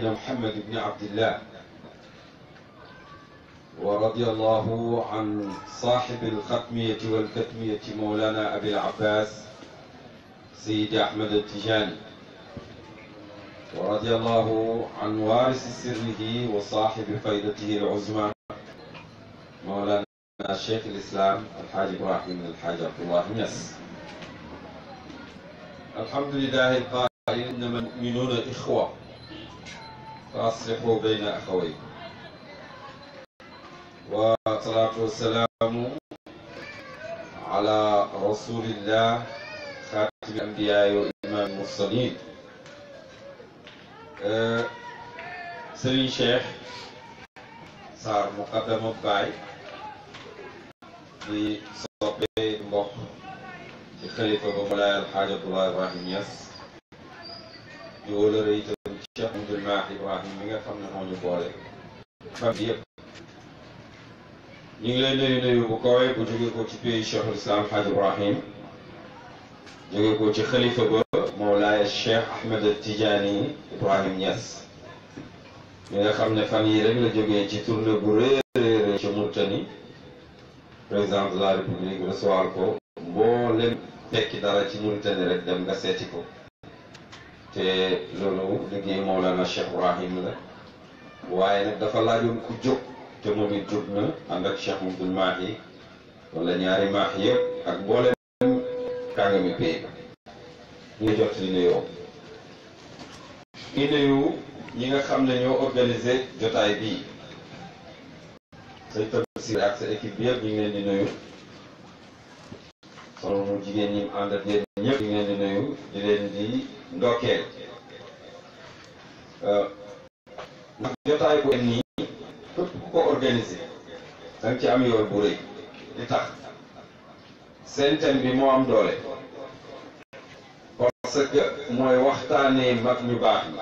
سيدنا محمد بن عبد الله ورضي الله عن صاحب الختمية والكتمية مولانا أبي العباس سيد أحمد التجاني ورضي الله عن وارث سره وصاحب فائدته العظمى مولانا الشيخ الإسلام الحاج إبراهيم الحاج عبد الله نس الحمد لله القائل إنما المؤمنون إخوة fa aslixu bayna axaway wa salaatu wasalaamu ala rasulillah xaatimi ambiyaay wa imaam mursalin Serigne Cheikh Sarr muqaddama baay di soppee mbokk ci xalifa ba Mawlaay Alxaaj Abdoulaye Ibrahim Niass di wóolare itam Cheikh Mouhamadoul Mahi Ibrahim mi nga xam ne moo ñu boole famille yëpp ñu ngi lay nuyu nuyu bu kawe bu jógee ko ci pays Cheikhul Islam Hadj Ibrahim jógee ko ci xalifa ba Mawlaaya Cheikh Ahmed Tidiane Ibrahim Niass mi nga xam ne fan yi rek la jógee ci tournée bu réeréeré ci Mauritanie président de la république recevoir ko mbooleem tekki dara ci Mauritanie rek dem nga seeti ko te loolu liggéey Mawlana Cheikh Ibrahim la waaye nag dafa laajoon ku jóg te moom it jóg na ànd ak Cheikh Mabdoul yi wala ñaari maax yëpp ak boole kàngami pay bi ñu jot li nuyoo ñu nuyu ñi nga xam ne ñoo organisé jotaay bii sëñ Tamsir ak sa équipe bi yëpp ñu ngi leen di nuyu sunu jigéen ñi mu àndal yéen ñëpp ñu di leen di ndokkeel. Euh, ndax jotaay bu nii képp ku ko organisé da ci am yoon bu rëy di tax seen bi moo am doole. parce que mooy waxtaanee mag ñu baax ñi.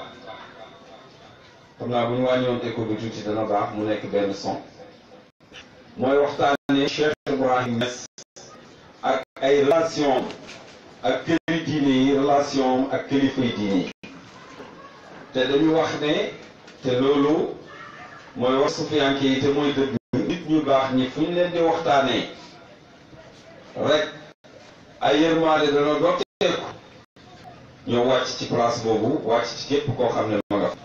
xam naa bu ñu wàññiwoon écho bi tuuti dana baax mu nekk benn son. mooy waxtaanee Cheikh Ibrahim Niass. ay relation ak këri diine yi relation ak kilifa diine yi te dañu wax ne te loolu mooy wax sufiyanke yi te mooy dëgg nit ñu baax ñi fu ñu leen di waxtaanee rek ay yërmaande dana dotteeku ñoo wàcc ci place boobu wàcc ci képp koo xam ne ma nga fa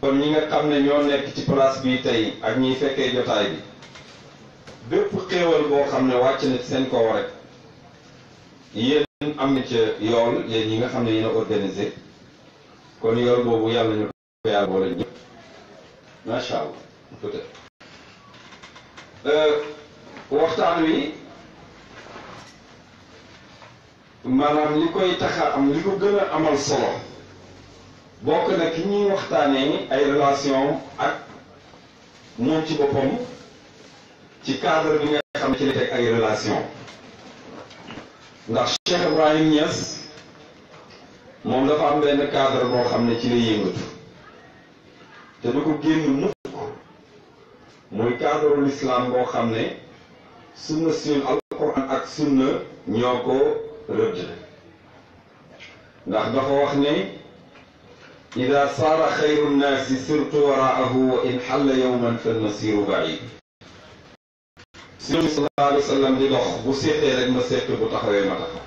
kon ñi nga xam ne ñoo nekk ci place bi tey ak ñiy fekkee jotaay bi bépp xéewal boo xam ne wàcc na seen kaw rek yéen am na ca yool yéen ñi nga xam ne yéen a organisé kon yool boobu yàlla ñu ko yàlla boole ñëpp macha allah peut-être euh, waxtaan wi maanaam li koy tax am li ko gën a amal solo bokk na ki ñuy waxtaanee ay relation ak moom ci boppam ci cadre bi nga xam ne ci la teg ay relation ndax Cheikh Ibrahim Niass moom dafa am benn cadre boo xam ne ci la yëngatu te du ko génn mukk muy cadre l'islam boo xam ne sunna suñu alquran ak sunna ñoo ko rëdd ndax dafa wax ne ida saara xayru nnaasi surtu waraahu wa in xalla yowman fa nasiru baid si nabi sallallahu alayhi wa sallam di dox bu seetee rek ma seet bu taxawee ma taxaw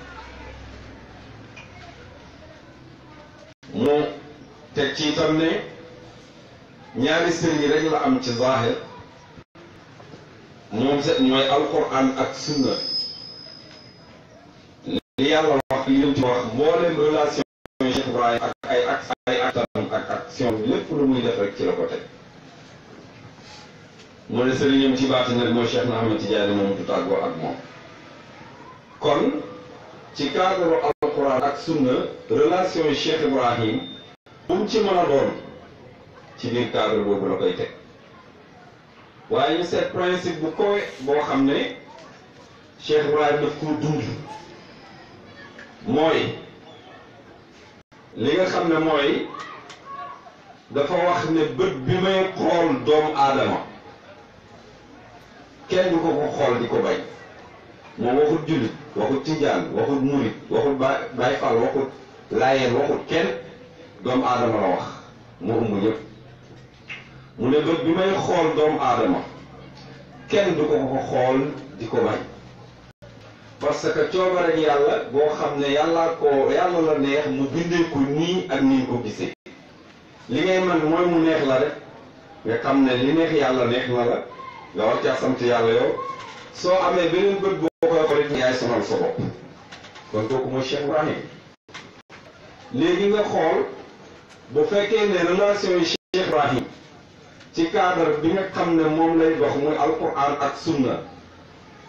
mu teg ci itam ne ñaari sëriñ rek la am ci zaahir moom set mooy alquran ak sunna li yàlla wax li ñu ci wax mboolem relation Cheikh Ibrahim ak ay ak ay actam ak action lépp lu muy def rek ci la ko teg moo ne sëriñam ci baati nag mooy Cheikh Ahmed Tidiane moom du tàggoo ak moom kon ci cadre alquran ak sunna relation yi Ibrahim bu ci mën a doon ci biir cadre boobu la koy teg waaye ñu seet principe bu kowe boo xam ne Cheikh Ibrahim daf koo dund mooy li nga xam ne mooy dafa wax ne bët bi may xool doomu aadama kenn du ko ko xool di ko bañ moom waxut jullit waxut tijaan waxut murit waxut ba Baay Faal waxut laayeen waxut kenn doomu aadama la wax mu ëmb mu ne bët bi may xool doomu aadama kenn du ko ko xool di ko bañ parce que coobareeg yàlla boo xam ne yàllaa ko yàlla la neex mu bindee ko nii ak nii ko gisee li ngay man mooy mu neex la rek nga xam ne li neex yàlla neex na la nga war caa sant yàlla yow soo amee beneen bët boo koy xool it yaay sonal sa bopp kon kooku mooy Cheikh Ibrahim léegi nga xool bu fekkee ne relation yi Cheikh Ibrahim ci cadre bi nga xam ne moom lay dox muy alquran ak sunna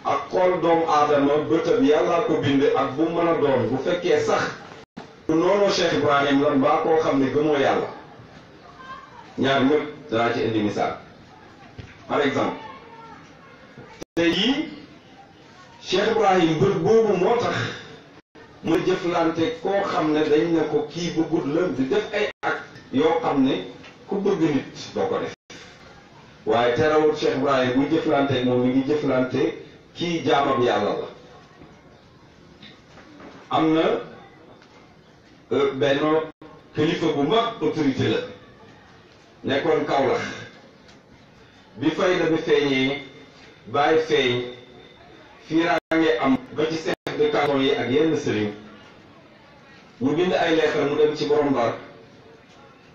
ak xool doomu aadama bëtëb yàllaa ko bind ak bu mën a doon bu fekkee sax du noonu Cheikh Ibrahim lan baa koo xam ne gëmoo yàlla ñaar ñëpp danaa ci indi misaal par exemple te yii Cheikh Ibrahim bët boobu moo tax mu jëflante koo xam ne dañ ne ko kii bëggut la di def ay ak yoo xam ne ku bëgg nit doo ko def waaye terawut Cheikh Ibrahim bu jëflante moom mi ngi jëflante kii jaamab yàlla la am na euh, benn kilifa bu mag autorité la nekkoon kaw la bi fayda bi feeñee bàyyi feeñ fiiraange am ba ci chef de canton yi ak yenn sëriñ mu bind ay leetar mu dem ci borom Ndar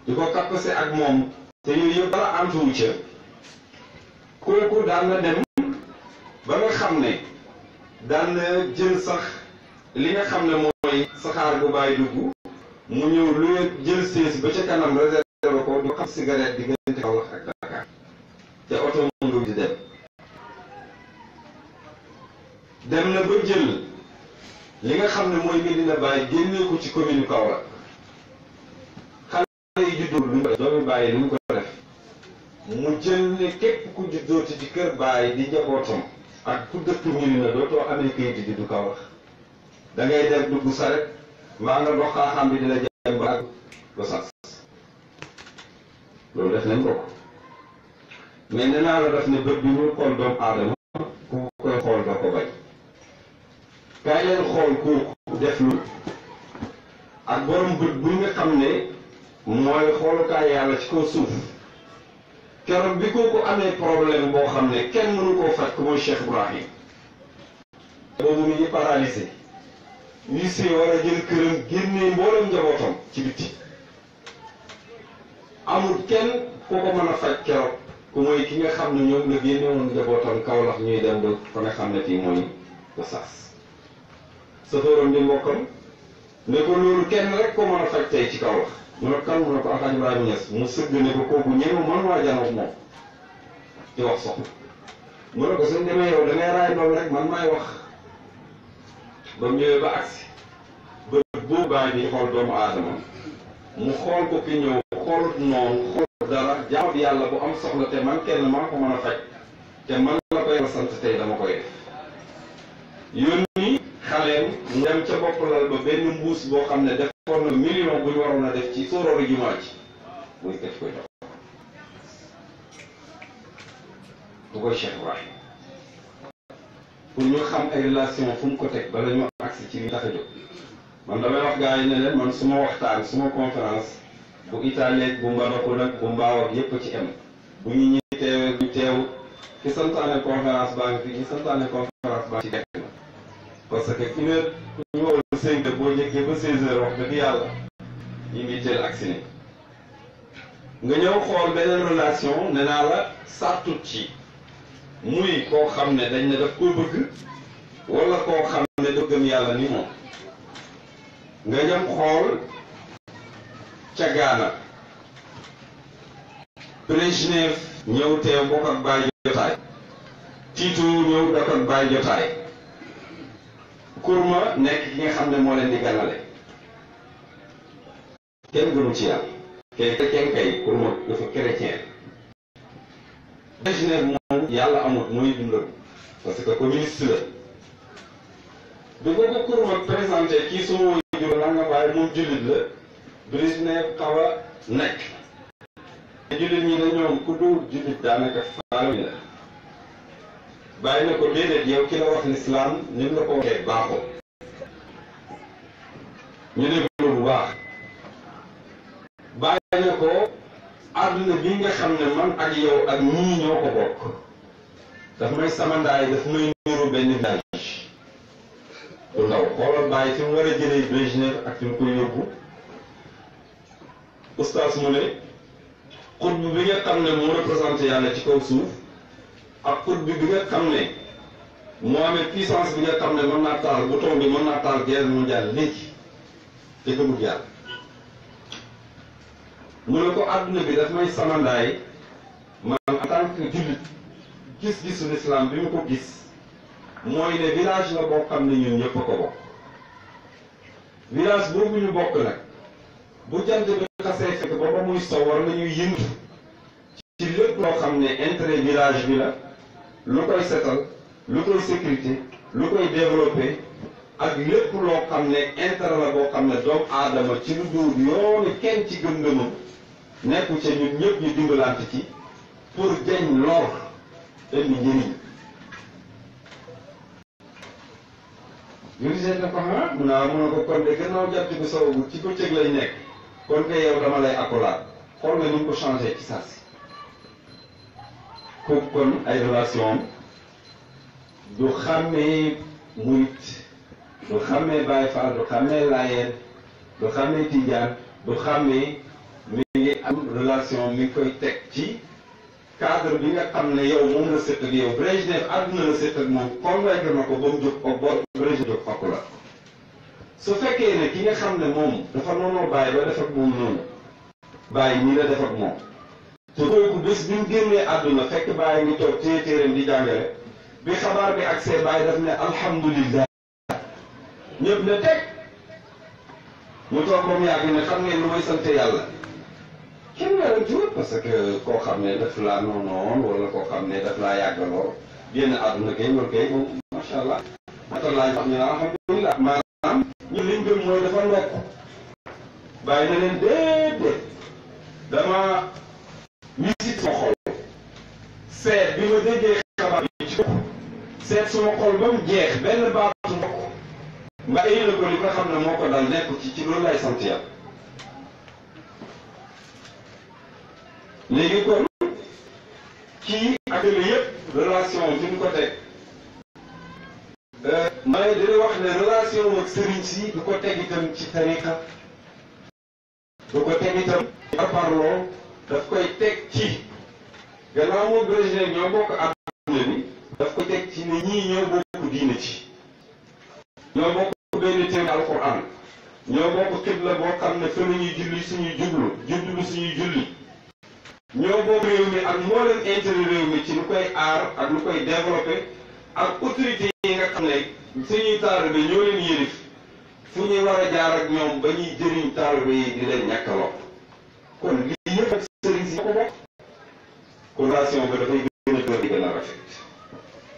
di ko kappase ak moom te yooyu yëpp dara antuwu ca kooku daan dem ba nga xam ne daan na jël sax li nga xam ne mooy saxaar gu bàyyi dugg mu ñëw lu jël sées ba ca kanam réservé ko du xam cigarette diggante Kaolack ak Dakar te oto dem na ba jël li nga xam ne mooy Medina Baye génnee ko ci commune Kaolack xale yi juddoo duñ ko def doomi Baye duñ ko def mu jël ne képp ku juddooti ci kër Baye di njabootam ak ku dëkk Medina dootoo amee kayit juddu Kaolack da ngay def dugg saret mbaa nga dox xam bi dina jëm ba ak loolu def nañ ko ko mais nee naa la def ne bët bi ñu xool doomu aadama kaay leen xool kooku def lu ak borom bët bu nga xam ne mooy xoolukaay yàlla ci kaw suuf keroog bi kooku amee problème boo xam ne kenn mënu koo faj ko mooy Cheikh Ibrahim boobu mu ngi paralysé ñu si war a jël këram génnee mboolem njabootam ci biti amul kenn ku ko mën a faj keroog ku mooy ki nga xam ne ñoom la génne woon njabootam kaw lax ñuy dem ba fa xam ne fii mooy ba saas safooram di mbokkam ne ko loolu kenn rek ko mën a faj tey ci kaw la mu ne kan mu ko Alxaaj Ibrahima Ñas mu sëgg ne ko kooku ñëw mën waa janook moom di wax soxla mu ne ko suñ demee yow dangay maay wax ba mu ñëwee xool ko ki ñëw xoolut noonu xoolut dara jaamu yàlla bu am soxla te man kenn maa ko mën a faj te man la ko yàlla sant dama koy def xaleem mu dem ca bopp ba benn mbuus boo xam ne defoon na million bu waroon a def ci sóorooru jumaa ji muy def koy dox bu koy Cheikh Ibrahim pour ñu xam ay relation fu ko teg bala ñu agsi ci li tax a man damay wax gars yi ne leen man suma waxtaan suma conférence bu italien bu mbadako nag bu mbaaw ak yépp ci em bu ñu ñi teew ñu teew ki santaane conférence baa ngi fi ki santaane conférence baa ngi parce que une heure ñu wowul cinq heures boo njëkkee ba seize heures wax dëgg yàlla ñu ngi jël acciné nga ñëw xool beneen relation ne naa la sàttut ci muy koo xam ne dañ ne daf koo bëgg wala koo xam ne dëggam yàlla ni moom nga ñam xool cagaana Brejnev ñëw teew bokk ak baay jotaay Tito ñëw dakk ak baay jotaay kurma nekk ki nga xam ne moo leen di ganale kenn gënu ci yàlla kay kay kurma dafa chrétien Genève moom yàlla amut mooy dundal parce que communiste du ko ko kurma présenté kii suma waajur la nga bàyyi moom jullit la Brisbane xaw a nekk jullit ñi ne ñoom ku dul jullit daanaka faale bàyyi na ko déedéet yow ki la wax lislaam ñun la ko waxee baaxoo ñu déglu bu baax bàyyi na ko àdduna bi nga xam ne man ak yow ak ñii ñoo ko bokk daf may samandaay daf may niru benn village bu ndaw xoolal bàyyi fi war a jëlee Brejnev ak fi koy yóbbu oustaz mu ne xutb bi nga xam ne mu représenté yàlla ci kaw suuf ak xutbi bi nga xam ne moo amee puissance bi nga xam ne mën naa taal bouton bi mën naa taal guerre mondiale léegi te gëmul yàlla mu ne ko àdduna bi daf may samandaay man en tant gis-gisu l'islam bi mu ko gis mooy ne village la boo xam ne ñun ñëpp ko bokk village boobu ñu bokk nag bu jant bi xasee fekk ba ba muy sow war nañuy yëngu ci lépp loo xam ne intérêt village bi la lu koy setal lu koy sécurité lu koy développé ak lépp loo xam ne intérêt la boo xam ne doomu aadama ci lu dul yoonu kenn ci gëm-gëmam nekku ca ñëpp ñu dimbalante ci pour jañ lor indi njëriñ juriseet na ko ah naa mun na ko kon de gannaaw jàpp bi sababu ci bëccëg lay nekk kon kay yow dama lay accolade xool nga ni ko changé ci saasi kooku kon ay relation du xàmmee murit du xàmmee Baay Faal du xàmmee Laayeen du xàmmee Tijaan du xàmmee mi am relation mi koy teg ci cadre bi nga xam ne yow moom la sëq ak yow Brejnev àdduna la sëq ak moom convaincre na ko ba mu jóg ko boo Brejnev jóg fokk la su fekkee ne ki nga xam ne moom dafa noonu bàyyi ba def ak moom noonu bàyyi nii la def ak moom te kooku bés bi mu génnee àdduna fekk bàyyi ngi toog téye téeram di jàngale bi xabaar bi ak see bàyyi daf ne alhamdulillah ñëpp ne teg mu toog moom yàgg ne xam ngeen lu may sant koo xam ne daf laa noonoon wala koo xam ne daf kay loolu kay moom macha allah mata laa wax ñu ne alhamdulillah maanaam ñu liñ mooy dafa nekk bàyyi na leen déedéet dama ñi si sama xol seet bi ma déggee xabaar bi ci seet sama xol mu jeex benn baatu mbokk nga éyale ko li ne moo ko dal nekk ci ci loolu lay sant yàlla léegi kon kii ak li yëpp relation ko teg euh, may dina wax ne relation ak sëriñ si ko teg itam ci tariqa du ko teg itam ci parparloo daf koy teg ci gannaaw moom Brésil ñoo bokk àdduna bi daf koy teg ci ne ñii ñoo bokk diine ci ñoo bokk benn téere alquran ñoo bokk xibla boo xam ne fa la ñuy julli suñuy jublu jublu suñuy julli ñoo bokk réew mi ak moo leen intérêt réew mi ci lu koy aar ak lu koy développé ak autorité yi nga xam ne suñuy taalibe ñoo leen yërif fu ñuy war a jaar ak ñoom ba ñuy jëriñ taalibe yi di leen ñàkkaloo kon ko bokk kon relation ba dafay gën a doon di gën a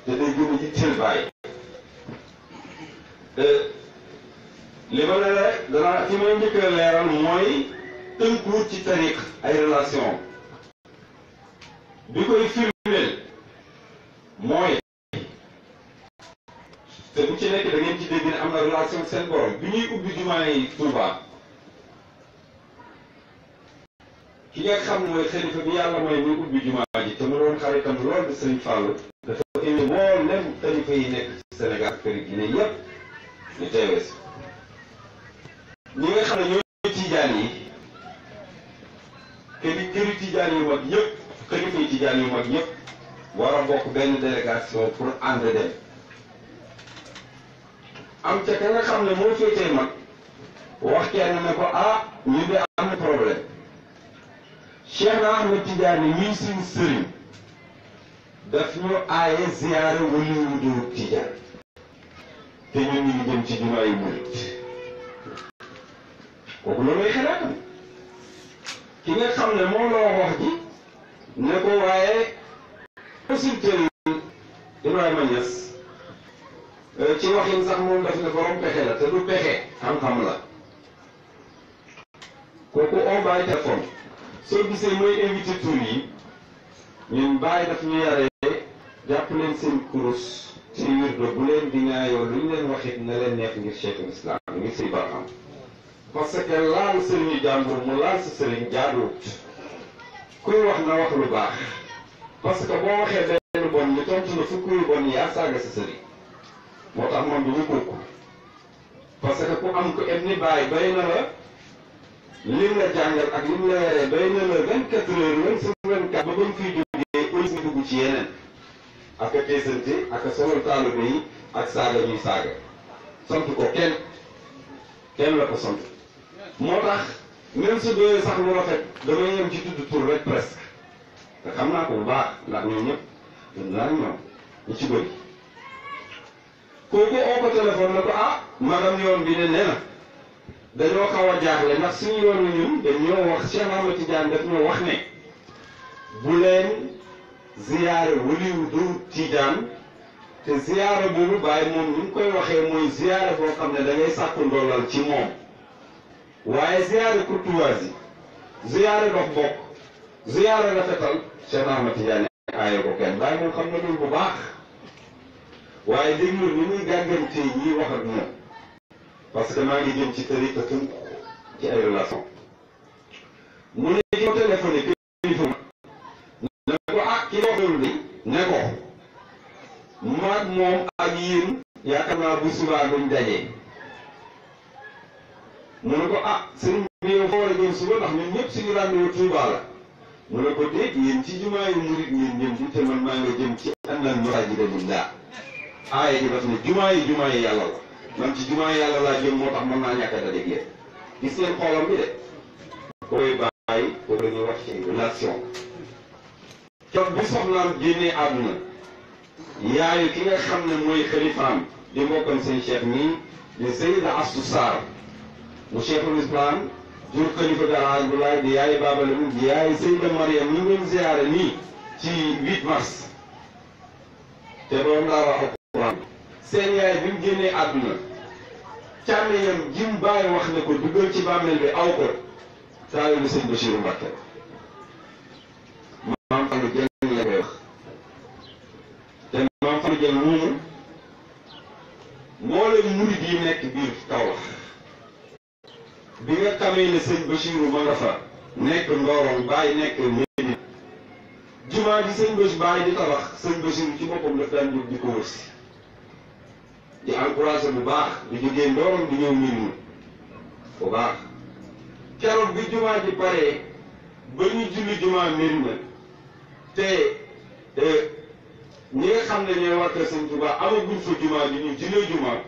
te day gën a yitteel euh, li ma leen rek danaa fi may njëkk a leeral mooy tënkuwut ci tariq ay relation bi koy firndeel mooy te bu ci nekk da ngeen ci dégg am na relation seen bi ñuy ubbi jumaa yi ki nga xam mooy xalifa bi yàlla mooy muy ubbi jumaa ji te mu doon xaritam lool di sëriñ Fallou dafa énu woo leen xalifa yi nekk ci Sénégal kër gi ne yépp ñu teewee si ñi nga xam ne ñooy tiijaan yi te di tiijaan yu mag yëpp xalifa yi tiijaan yu mag yëpp war a bokk benn délégation pour ànd dem am ca ka nga xam ne moo féetee mag wax kenn ne ko ah ñu de am na problème Cheikh Ahmed Tidiane ñuy suñ sëriñ daf ñu aaye ziyaare wali wu diwu Tidiane te ñu ngi jëm ci jumaa yu murit kooku loolu lay xalaat ki nga xam ne moom loo wax ji ne ko waaye consulteur Ibrahima Niass euh, ci waxin sax moom daf ne borom pexe la te du pexe xam-xam la kooku on bàyyi téléphone soo gisee mooy invité yi ñun bàyyi daf ñu yaree jàpp leen seen kurus ci wirdo bu leen di ñaayoo lu ñu leen waxit na leen neex ngir cheikhul ngir si baaxam parce que laal sëriñu jàmbur mu laal sa sëriñ jaaduwut kuy wax na wax lu baax parce que boo waxee benn bon ñu tontu la fukk yu bon yaa saaga sa sëriñ moo tax moom bi ñu kooku parce que ku am ko eb bàyyi bay na la li nga jàngal ak li mu la yaree doy na la vingt quatre heures même sur vingt quatre ba ba mu fiy jógee ci yeneen ak a teesante ak a sonal taalibe yi ak saaga ñuy saaga sant ko kenn kenn la ko sant moo tax même su doyee sax lu rafet damay yem ci tudd tur rek presque te xam naa ko bu baax ndax ñun ñëpp dañ laa ñëw ñu ci bëri kooku oo ko téléphone ne ko ah madame yoon bi ne nee na dañoo xaw a jaaxle ndax suñu yoon wi ñun wax Cheikh Ahmad Tidiane daf wax ne bu leen ziyaare waliwu du Tidiane te ziyaare boobu bàyyi moom ni mu koy waxee mooy ziyaare boo xam ne da ngay sàkku ndollal ci moom waaye ziyaare courtoisie ziyaare dox bokk ziyaare rafetal Cheikh Ahmad Tidiane aaye ko kenn bàyyi moom xam na bu baax waaye dégg nga ni muy gàggante ñiy wax moom. parce que maa ngi jëm ci tariqatu ci ay relation mu ne ci ma téléphoné ne ko ah ki ne ko maag moom ak yéen yaakaar naa bu subaa buñ dajee mu ne ko ah sëriñ bi yow foo war a ñëw la mu ne ko déet yéen ci jumaayu murit ngeen jëm ci te man maa nga jëm ci annal masaajida lillah aaya ji daf ne jumaayi jumaayi yàlla la man ci jumaa yàlla laa jëm moo tax mën naa ñàkk a dajeeg yéen gis ngeen bi de koy bàyyi boobu la wax ci relation cot bi soxnaam génnee àdduna yaayu ki nga xam ne mooy xalifaam di mbokkam seen cheikh nii di Seyda Astou Sarr mu cheikhul islam jur xalifa garage bu laay di yaayu baabale mu di yaayu Seyda Mariam ñu ngeen ziyaare nii ci 8 mars te boobu laa wax alquran seen yaay bi mu génnee àdduna càmmeñam jim bàyyi wax ne ko duggal ci bàmmeel bi aw ko taale bi sëñ Bachirou Mbacke maam Fallou Dieng la koy wax moo leen murid yi nekk biir Kaolack bi nga xamee ne sëñ Bachirou ma nga fa nekk Ndorong bàyyi nekk Médina jumaa ji sëñ Bachirou bàyyi di tabax sëñ Bachirou ci boppam daf daan jóg di ko wërsi di encouragé bu baax di jógee ndooroon di ñëw miin bu baax keroog bi jumaa ji paree ba ñu julli jumaa miin te ñi nga xam ne ñooy wàtte sëñ Tuubaa amaguñ fa jumaa ji ñu jullee jumaa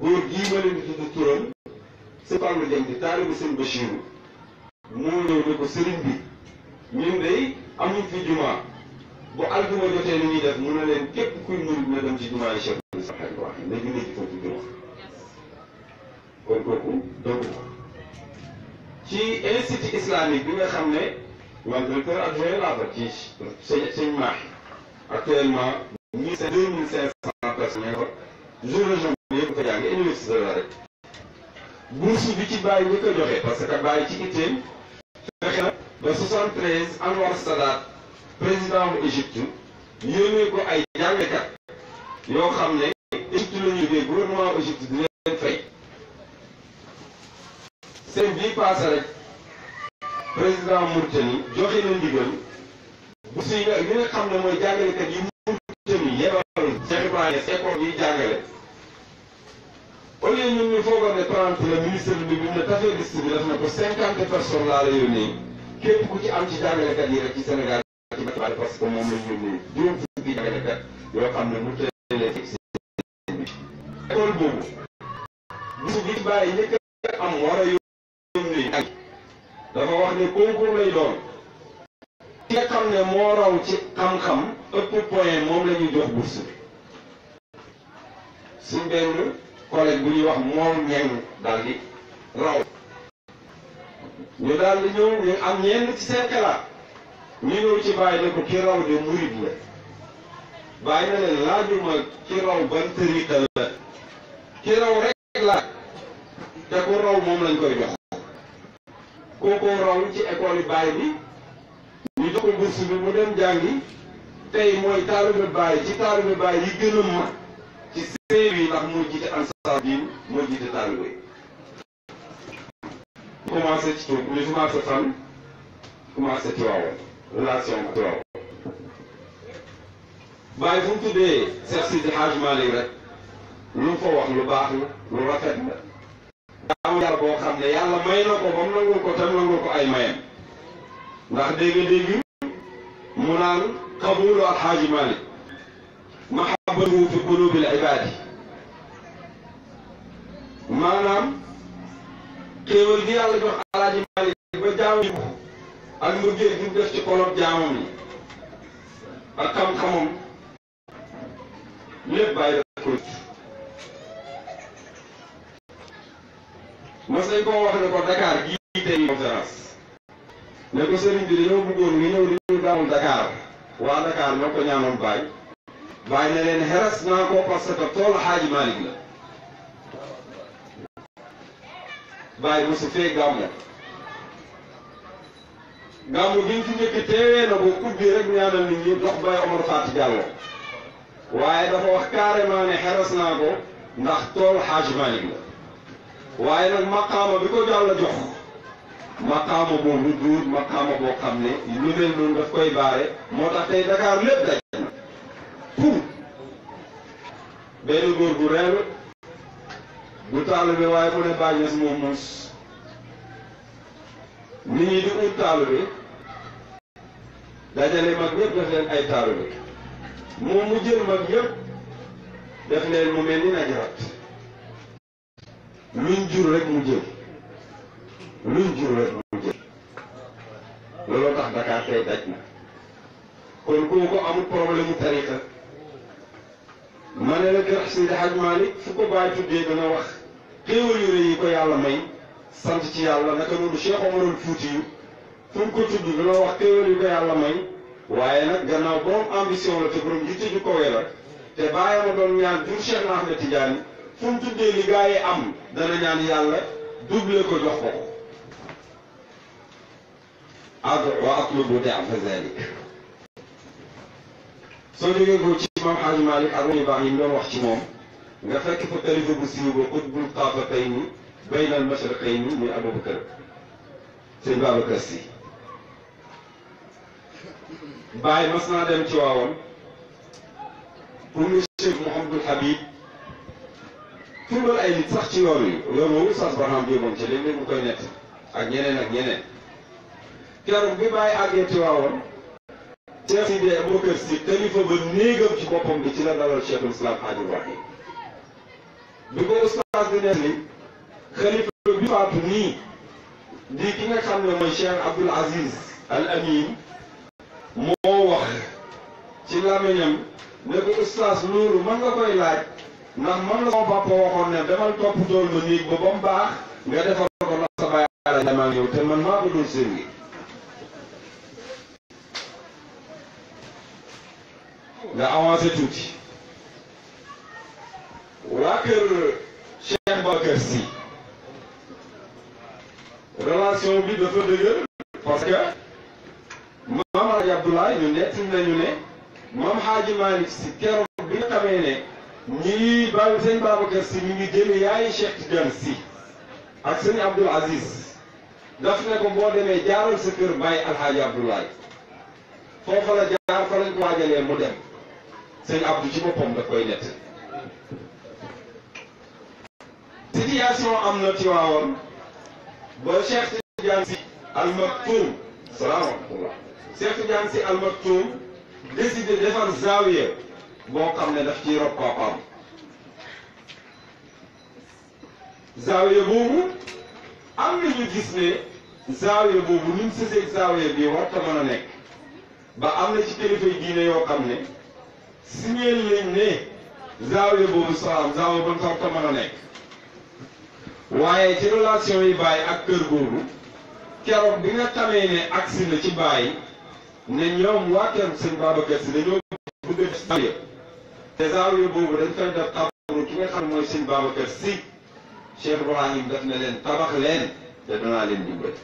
góor gii ma leen di tudd turam si Fallou Dieng di taalibu sëñ Bachirou ñëw ne ko sëriñ bi ñun day amuñ fi jumaa bu aljuma jotee ni ñuy def mu ne leen képp kuy murit na dem ci jumaa yi kooku doogu ko ci institut islamique bi nga xam ne man directeur adjoint laa fa ci sëñ sëñ Mahi actuellement ñi c'est deux région bi yëpp ko jànge université la rek bourse bi ci bàyyi ñi joxe parce que bàyyi ci itteem fexe na ba 73 Anwar Sadat président bu Égypte yónnee ko ay jàngkat yoo xam ne Égypte la ñu jógee gouvernement di leen fay seen bii paase rek président Mourtani joxe na ndigal bu si ñi nga xam ne mooy jàngalekat yi Mourtani yebal Cheikh yi jàngale au lieu ñun la ministre bi képp ku ci am ci jàngalekat yi rek ci Sénégal ci bàyyi parce que moom la ñu yónnee juróom fukki jàngalekat yoo xam ne mu teelee fixé école boobu bisu bi bàyyi njëkk am war a dafa wax ne concours lay doon ki xam ne moo raw ci xam-xam ëpp point moom la jox bourse bi si benn collègue bu ñuy wax moom ñeng daal raw ñu daal di ñëw am ñenn ci seen xalaat ñu ñëw ci bàyyi ne ki raw de murid la bàyyi na leen laajuma ki raw ban tariqa la ki raw rek laaj te ku raw moom lañ koy jox kookoo raw ci école baay bi ñu jox ko bourse bi mu dem jàngi tey mooy taalibe baay ci taalibe baay yi gën a mag ci séeréer yi ndax moo jiite ansaar diin moo jiite taalibe yi commencé ci tur relation bu Tiwaawan bàyyi fu mu tuddee Seex Sidi Hajj Maalik rek lu fa wax lu baax la lu rafet la jaamu yàlla boo xam ne yàlla may na ko ba mu nangul ko tam nangul ko ay mayam ndax dégg-dégg mu naan qabulu alxaaji Malik mahabbatuhu fi qulubil ibaadi maanaam xéewal gi yàlla jox alxaaji Malik ba jaamu ko ak mbëggeel gi ak xam-xamam lépp bàyyi def ko mas nañ koo wax ne ko Dakar gii tey conférence ne ko sëriñ bi dañoo bëggoon nga ñëw di ñu Dakar waa Dakar ñoo ko ñaanoon baay baay ne leen xeres naa ko parce que tool xaaji Malick la baay mosu fee gàmmu gàmmu gi ñu na ko ubbi rek ñaanal nit ñi dox bay Omar Fatou Diallo waaye dafa wax carrément ne xeres naa ko ndax tool xaaji Malick la waaye nag maqaama bi ko yàlla jox maqaama boobu duur maqaama boo xam ne lu mel noonu daf koy baare moo tax tey Dakar lépp waaye mu ne bàyyi si moom muus nit ñi di ut dajale mag ñëpp def leen ay taalibe moom mu jël mag ñëpp def leen mu mel ni najaraat luñ jur rek mu jël luñ jur rek mu jël looloo tax Dakar tey daj na kon kooku amul problème mu tariqa ma ne la gërëm Seydi Hadj Malick fu ko bàyyi tuddee dana wax xéewal yu rëy yi ko yàlla may sant ci yàlla naka noonu Cheikh Omarul Fuuti yu fu ko tudd dana wax xéewal yu ko yàlla may waaye nag gannaaw borom ambition la te borom yitte ju kowe la te bàyyi ma doon ñaan jur Cheikh na Ahmed Tidiane fu mu tuddee li gaa yi am dana ñaan yàlla double ko jox ko ad wa atlubu daan fa zalik soo jógee ko ci Maam Xaaj Maalik ak ñu baax yi mu doon wax ci moom nga fekk fa tarifa bu siiw ba xutbul taafatayni bayna al mashriqayni muy Abubakar sëñ Babacar Si bàyyi mas naa dem ci waawoon pour monsieur Mouhamadul Habib tuumal ay nit sax ci yoon wi yoon woowu sas barxam ci léeg-léeg koy nett ak ñeneen ak ñeneen keroog bi bàyyi àggee Tiwaawoon Cheikh Sidi Abubakar Si kalifa ba néegam ci boppam bi ci la dalal Cheikhul Islam Hadjul Wahid bi ko ustaas di nett li xalifa bi faatu nii di ki nga xam ne mooy Cheikh Abdoul Aziz Al Amin moo wax ci làmmiñam ne ustaas loolu mën nga koy laaj ndax man la sama papa waxoon ne demal toppatool ma ba ba mu baax nga defal ko ndax sa baay la maa ngi yow te man maa ko doon servir. nga avancé tuuti. waa kër Cheikh Bakar relation bi dafa dëgër parce que. maam Alaaji Abdoulaye ñu nett nañu ne. maam Xaaji Malick si keroog bi nga ne. ñii bàyyi sëñ Babacar si ñu ngi jële yaay Cheikh Tidiane si ak sëñ Abdoul Aziz daf ne ko boo demee jaaral sa kër bàyyi Alxaaji Abdoulaye foofa la jaar fa lañ waajalee mu dem sëñ Abdou ci boppam daf koy nett situation am na Tiwaawoon ba Cheikh Tidiane si Almaktoum salaamaaleykum Cheikh Tidiane si Almaktoum décidé defar zaawiya boo xam ne daf ciy rob papaam zaawiya boobu am na gis ne zaawiya boobu ni mu sëseeg zaawiya bi warta a nekk ba am na ci kilifa yi diine yoo xam ne signeel lañ ne zaawiya boobu salaam zaawiya ba warta ak kër googu keroog bi nga xamee ne si na ci bàyyi ne ñoom waa kër sëñ Babacar Si dañoo bëgg a def te zaawiya boobu dañ fay def xabru ki nga xam mooy sëñ Babacar si Cheikh Ibrahim def na leen tabax leen te danaa leen dimbali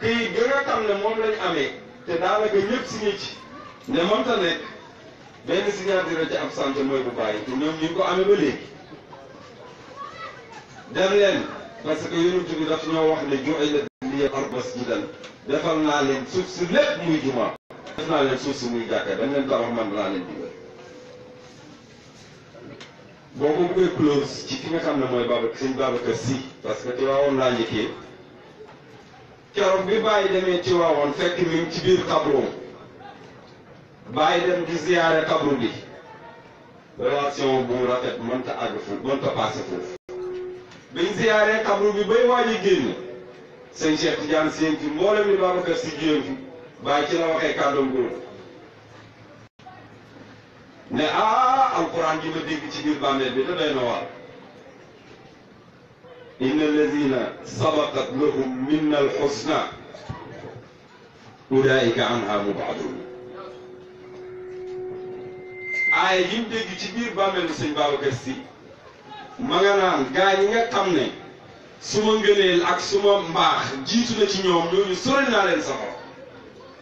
këyit gi nga xam ne moom lañ amee te daanaka ñëpp si nit ci ne mënta nekk benn signature ci absente mooy bu bàyyi te ñoom ñu ngi ko amee ba léegi dem leen parce que yonent bi daf ñoo wax ne ju'ilat liya al defal naa leen suuf si lépp muy juma def naa leen suuf si muy jàkka dañ leen tabax man danaa leen dimbali boo ko bëggee close ci ki nga xam ne mooy Babacar sëñ Babacar si parce que Tiwaawoon laa njëkkee keroog bi bàyyi demee Tiwaawoon fekk mi ngi ci biir xabroom bàyyi dem di ziyaare xabru bi relation bu rafet mënta àgg fu mënta passé foofu biñ ziyaaree xabru bi bay waaj a génn sëñ Cheikh Tidiane seen fi mboolem li Babacar si jiyam fi bàyyi ci la waxee kàddoom góor ne ah alquran ji ma dégg ci biir bàmmeel bi te doy na waar inna alladina sabaqat lahum minna alxusna ulaika anha mubaadun aaya yi mu dégg ci biir bàmmeelu sëñ Babacar Si ma nga naan gaa ñi nga xam ne su ma ngëneel ak su ma mbaax jiitu na ci ñoom ñooñu sori naa leen safara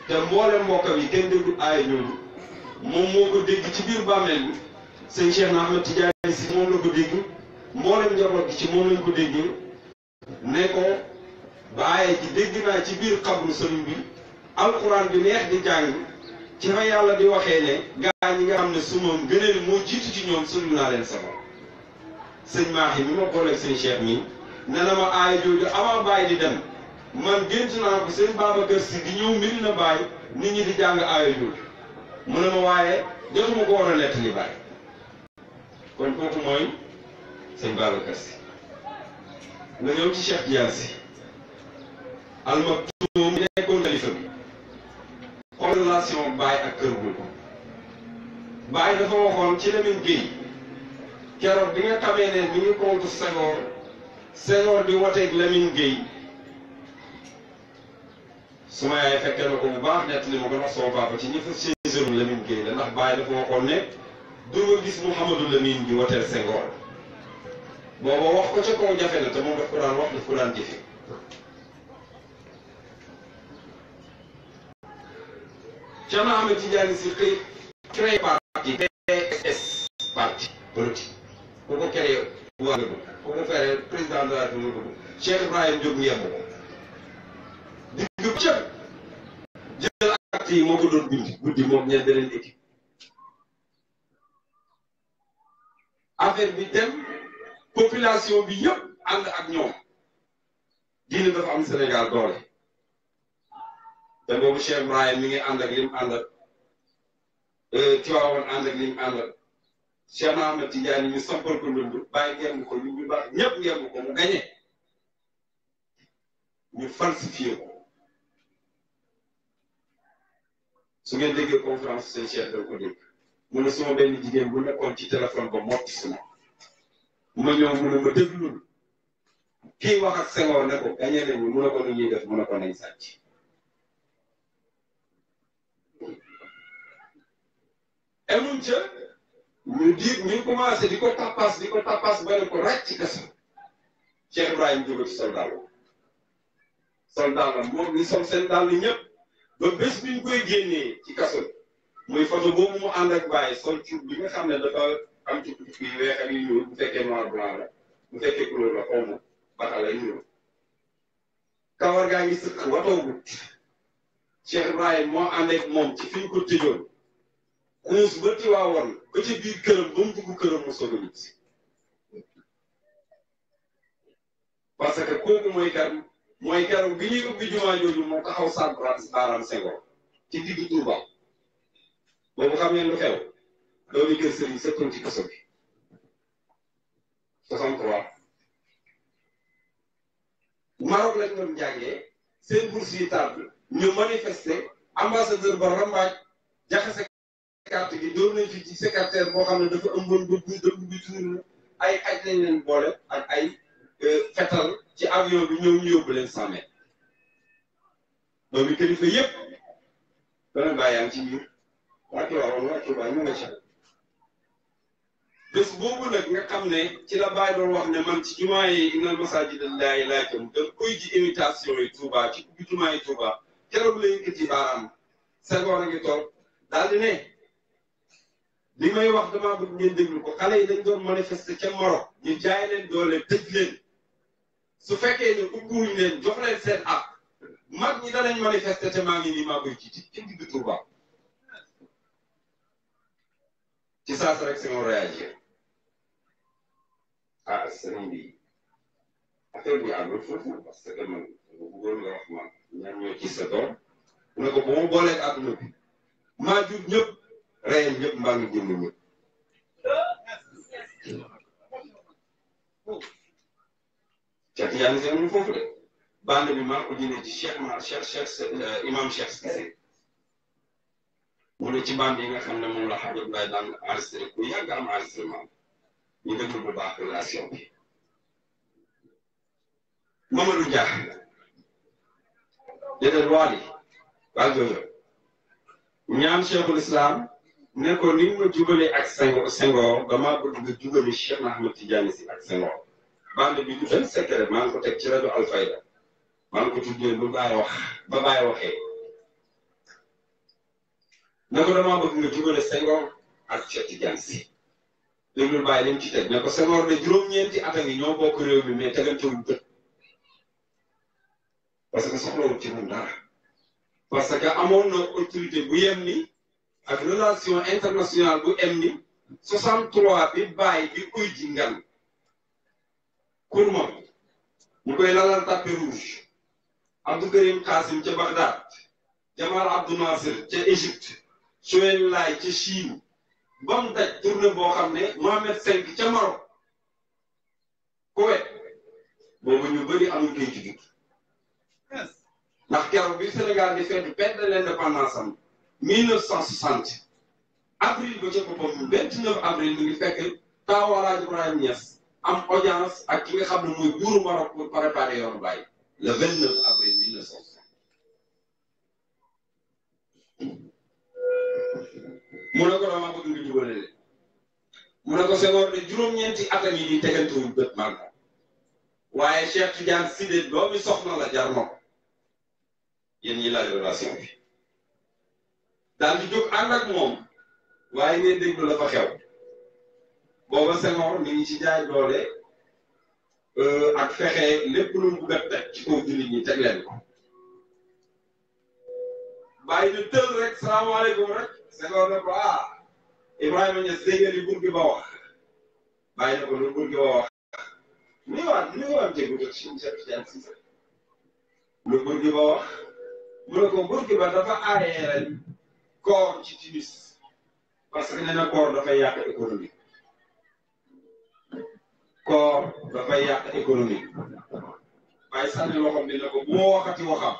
te mboole mbokkam yi kenn déggu aaya ñooñu moom moo ko dégg ci biir bàmmeel bi sëñ Cheikh na Ahmed Tidiane si moom la ko dégg mboolem njaboot gi ci moom lañ ko déggee ne ko bàyyi ci dégg naa ci biir xabru sëriñ bi alquran bi neex di jàng ci fa yàlla di waxee ne gaa ñi nga xam ne su moom gëneel moo jiitu ci ñoom sëriñ naa leen sama sëñ maax yi mi ma booleeg sëñ Cheikh mi ne na ma aaya jooju avant bàyyi di dem man gént naa ko seen Babacar Si di ñëw mbiri na bàyyi nit ñi di jàng aaya jooju mu ne ma waaye jotuma kon kooku mooy sëñ Babacar Si nga ñëw ci Cheikh Diar si almaktuum mi nekkoon xalifa bi xool relation baay ak kër ko baay dafa waxoon ci Lamine Guèye keroog bi nga xamee ne mi ngi contre Senghor Senghor di woteeg Lamine Guèye suma yaay fekke na ko bu baax nett li ma ko wax sama papa ci ñi fa séeséeru Lamine Guèye la ndax baay dafa waxoon ne doo gis Mouhamadou Lamine di woteel Senghor booba wax ko ca jafe na te moom daf ko wax daf ko daan jëfe Cerno Ahmed si xëy créé parti PSS parti politique ku ko créé waa nga dugg ku ko créé président de la République nga dugg Cheikh mu yemb ko digg cëp moo ko doon bind guddi moom ñeen beneen affaire bi dem population bi yëpp ànd ak ñoom diine dafa Sénégal doole te boobu Cheikh Ibrahim mi ngi ànd ak lim ànd ak euh, Tiwaawoon ànd ak lim ànd ak Cheikh Ahmed Tidiane ñu sampal ko ndund bàyyi ngemb ko ñu ñu baax ñëpp ngemb ko su ngeen déggee conférence seen Cheikh dal ko dégg mu ne sama benn jigéen bu nekkoon ci téléphone ba motti si ma ma ñëw mu ne ma déglul kii wax ak Senghor ne ko gañe nañu mu ne ko nu ñuy def mu ne ko nañ sàcc emuñ ca ñu di ñu commencé di ko tappaas di ko tappaas ba ne ko ràcc ci kaso Cheikh Ibrahima jóge ci soldat la soldat la ni sol seen dàll ñëpp ba bi ñu koy génnee ci kaso muy photo boobu mu ànd ak bàyyi sol ci bi nga xam ne dafa am ci kii weex ak yu ñuul bu fekkee noir blanc la bu fekkee couleur la xaw ma baax la ñuul gaa ngi sëkk watoogut Cheikh Ibrahim moo ànd ak moom ci fi ko tëjoon kuus ba ci waa woon ci biir këram mu dugg këram mu soog nit parce que kooku mooy kar mooy keroog bi ñuy ubbi jumaa jooju moo taxaw sànq baaraam Senghor ci diggu Touba. boobu xam ngeen lu xew doomi kër sëriñ sëkkoon ci kaso bi 63 Maroc lañ doon jànge seen bourse yi table ñu manifester ambassadeur ba rambaaj jaxase carte gi doon nañ fi ci secrétaire boo xam ne dafa ëmboon ba bu dëgg bi tuur na ay aj lañ leen boole ak ay euh, fetal ci avion bi ñëw ñu yóbbu leen sàmmee doomi kilifa yépp beneen baa ci biir wàcce waawoon wàcce waay ma nga boobu nag nga xam ne ci la bàyyi doon wax ne man ci jumaa yi innal masaajida lillaahi laa jëm da koy ji imitation yi Touba ci ubbi jumaa yi Touba keroog la yëkkati baaraam Senghor a ngi toog daal di ne li may wax damaa bëgg ngeen déglu ko xale yi dañ doon manifester ca Maroc ñu jaay leen doole tëj leen su fekkee ne ubbiwuñ leen jox leen seen ak mag ñi danañ manifester te maa ngi nii maa koy jiite ci digg Touba. ci saa si rek si moo réagir ah sëriñ bi affaire bi àndul foofu parce que man bu bëggoon nga ñoo ci sa doom ne ko bu ma booleeg àdduna bi maa jur ñëpp reyal ñëpp mbaa ngi jënd ñëpp cat yaa ngi seen foofu de bande bi maa ko jëlee ci cheikh ma cheikh cheikh imam cheikh Cissé mu ne ci band yi nga xam ne moom la Habib Mbaye daan enregistré ku yàgg am enregistrement ñu déglu bu baax relation bi Mamadou Dia déedéet waali waa joojo ñaan cheikhul islam ne ko ni nga jubale si ak Senghor band bi du benn secret maa ngi ko teg ci rajo Alfayda maa ngi ko tuddee ba bàyyi wax ba bàyyi waxee na ko bëgg nga jubale Senghor ak Cheikh Tidiane Sy déglul bàyyi lim ci teg ne ko Senghor de at a ngi ñoo bokk réew mi mais tegante wuñ parce que soxlawul ci moom dara parce que amoon na autorité bu yem ni ak relation internationale bu em ni 63 bi bàyyi bi uy ji ngan kurma ñu koy lalal tapis rouge Abdou Karim Qasim ca Bagdad Jamal Abdou Nasser ca Égypte su laay ca Chine ba mu daj tournée boo xam ne Mohamed V ca Maroc Koweït boobu ñu bëri amul kay jigéen ndax keroog bi Sénégal di fête fête de l'indépendance am 1960 avril ba ca boppam 29 avril mi ngi fekk taawu Alaaji Ibrahima Niass am audience ak ki nga xam ne mooy buuru Maroc pour préparer yoonu Baye le 29 avril 1960. mu ne ko dama bëgg nga jubale leen mu ne ko Senghor juróom-ñeenti atam yi di tegantewul bët man waaye Cheikh Tidiane Sidé doomi soxna la jar na ko ñi laaj relation bi daal di jóg moom waaye ngeen déglu la fa xew booba Senghor mi ngi ci jaay doole euh, ak fexe lépp lu mu bugg a ci kaw jullit ñi teg leen ko bàyyi na tël rek rek Senghor ne ko ah Ibrahima Niass dégg li buur gi ba wax bàyyi na ko lu buur gi ba wax ni waa ni waa jéego jot gi ba wax mu ne ko buur gi ba dafa aaree ren koor ci Tunis parce que nee na koor dafay yàq économie koor dafay yàq économie waaye sànni loxoom bi ne ko bu ma waxati waxam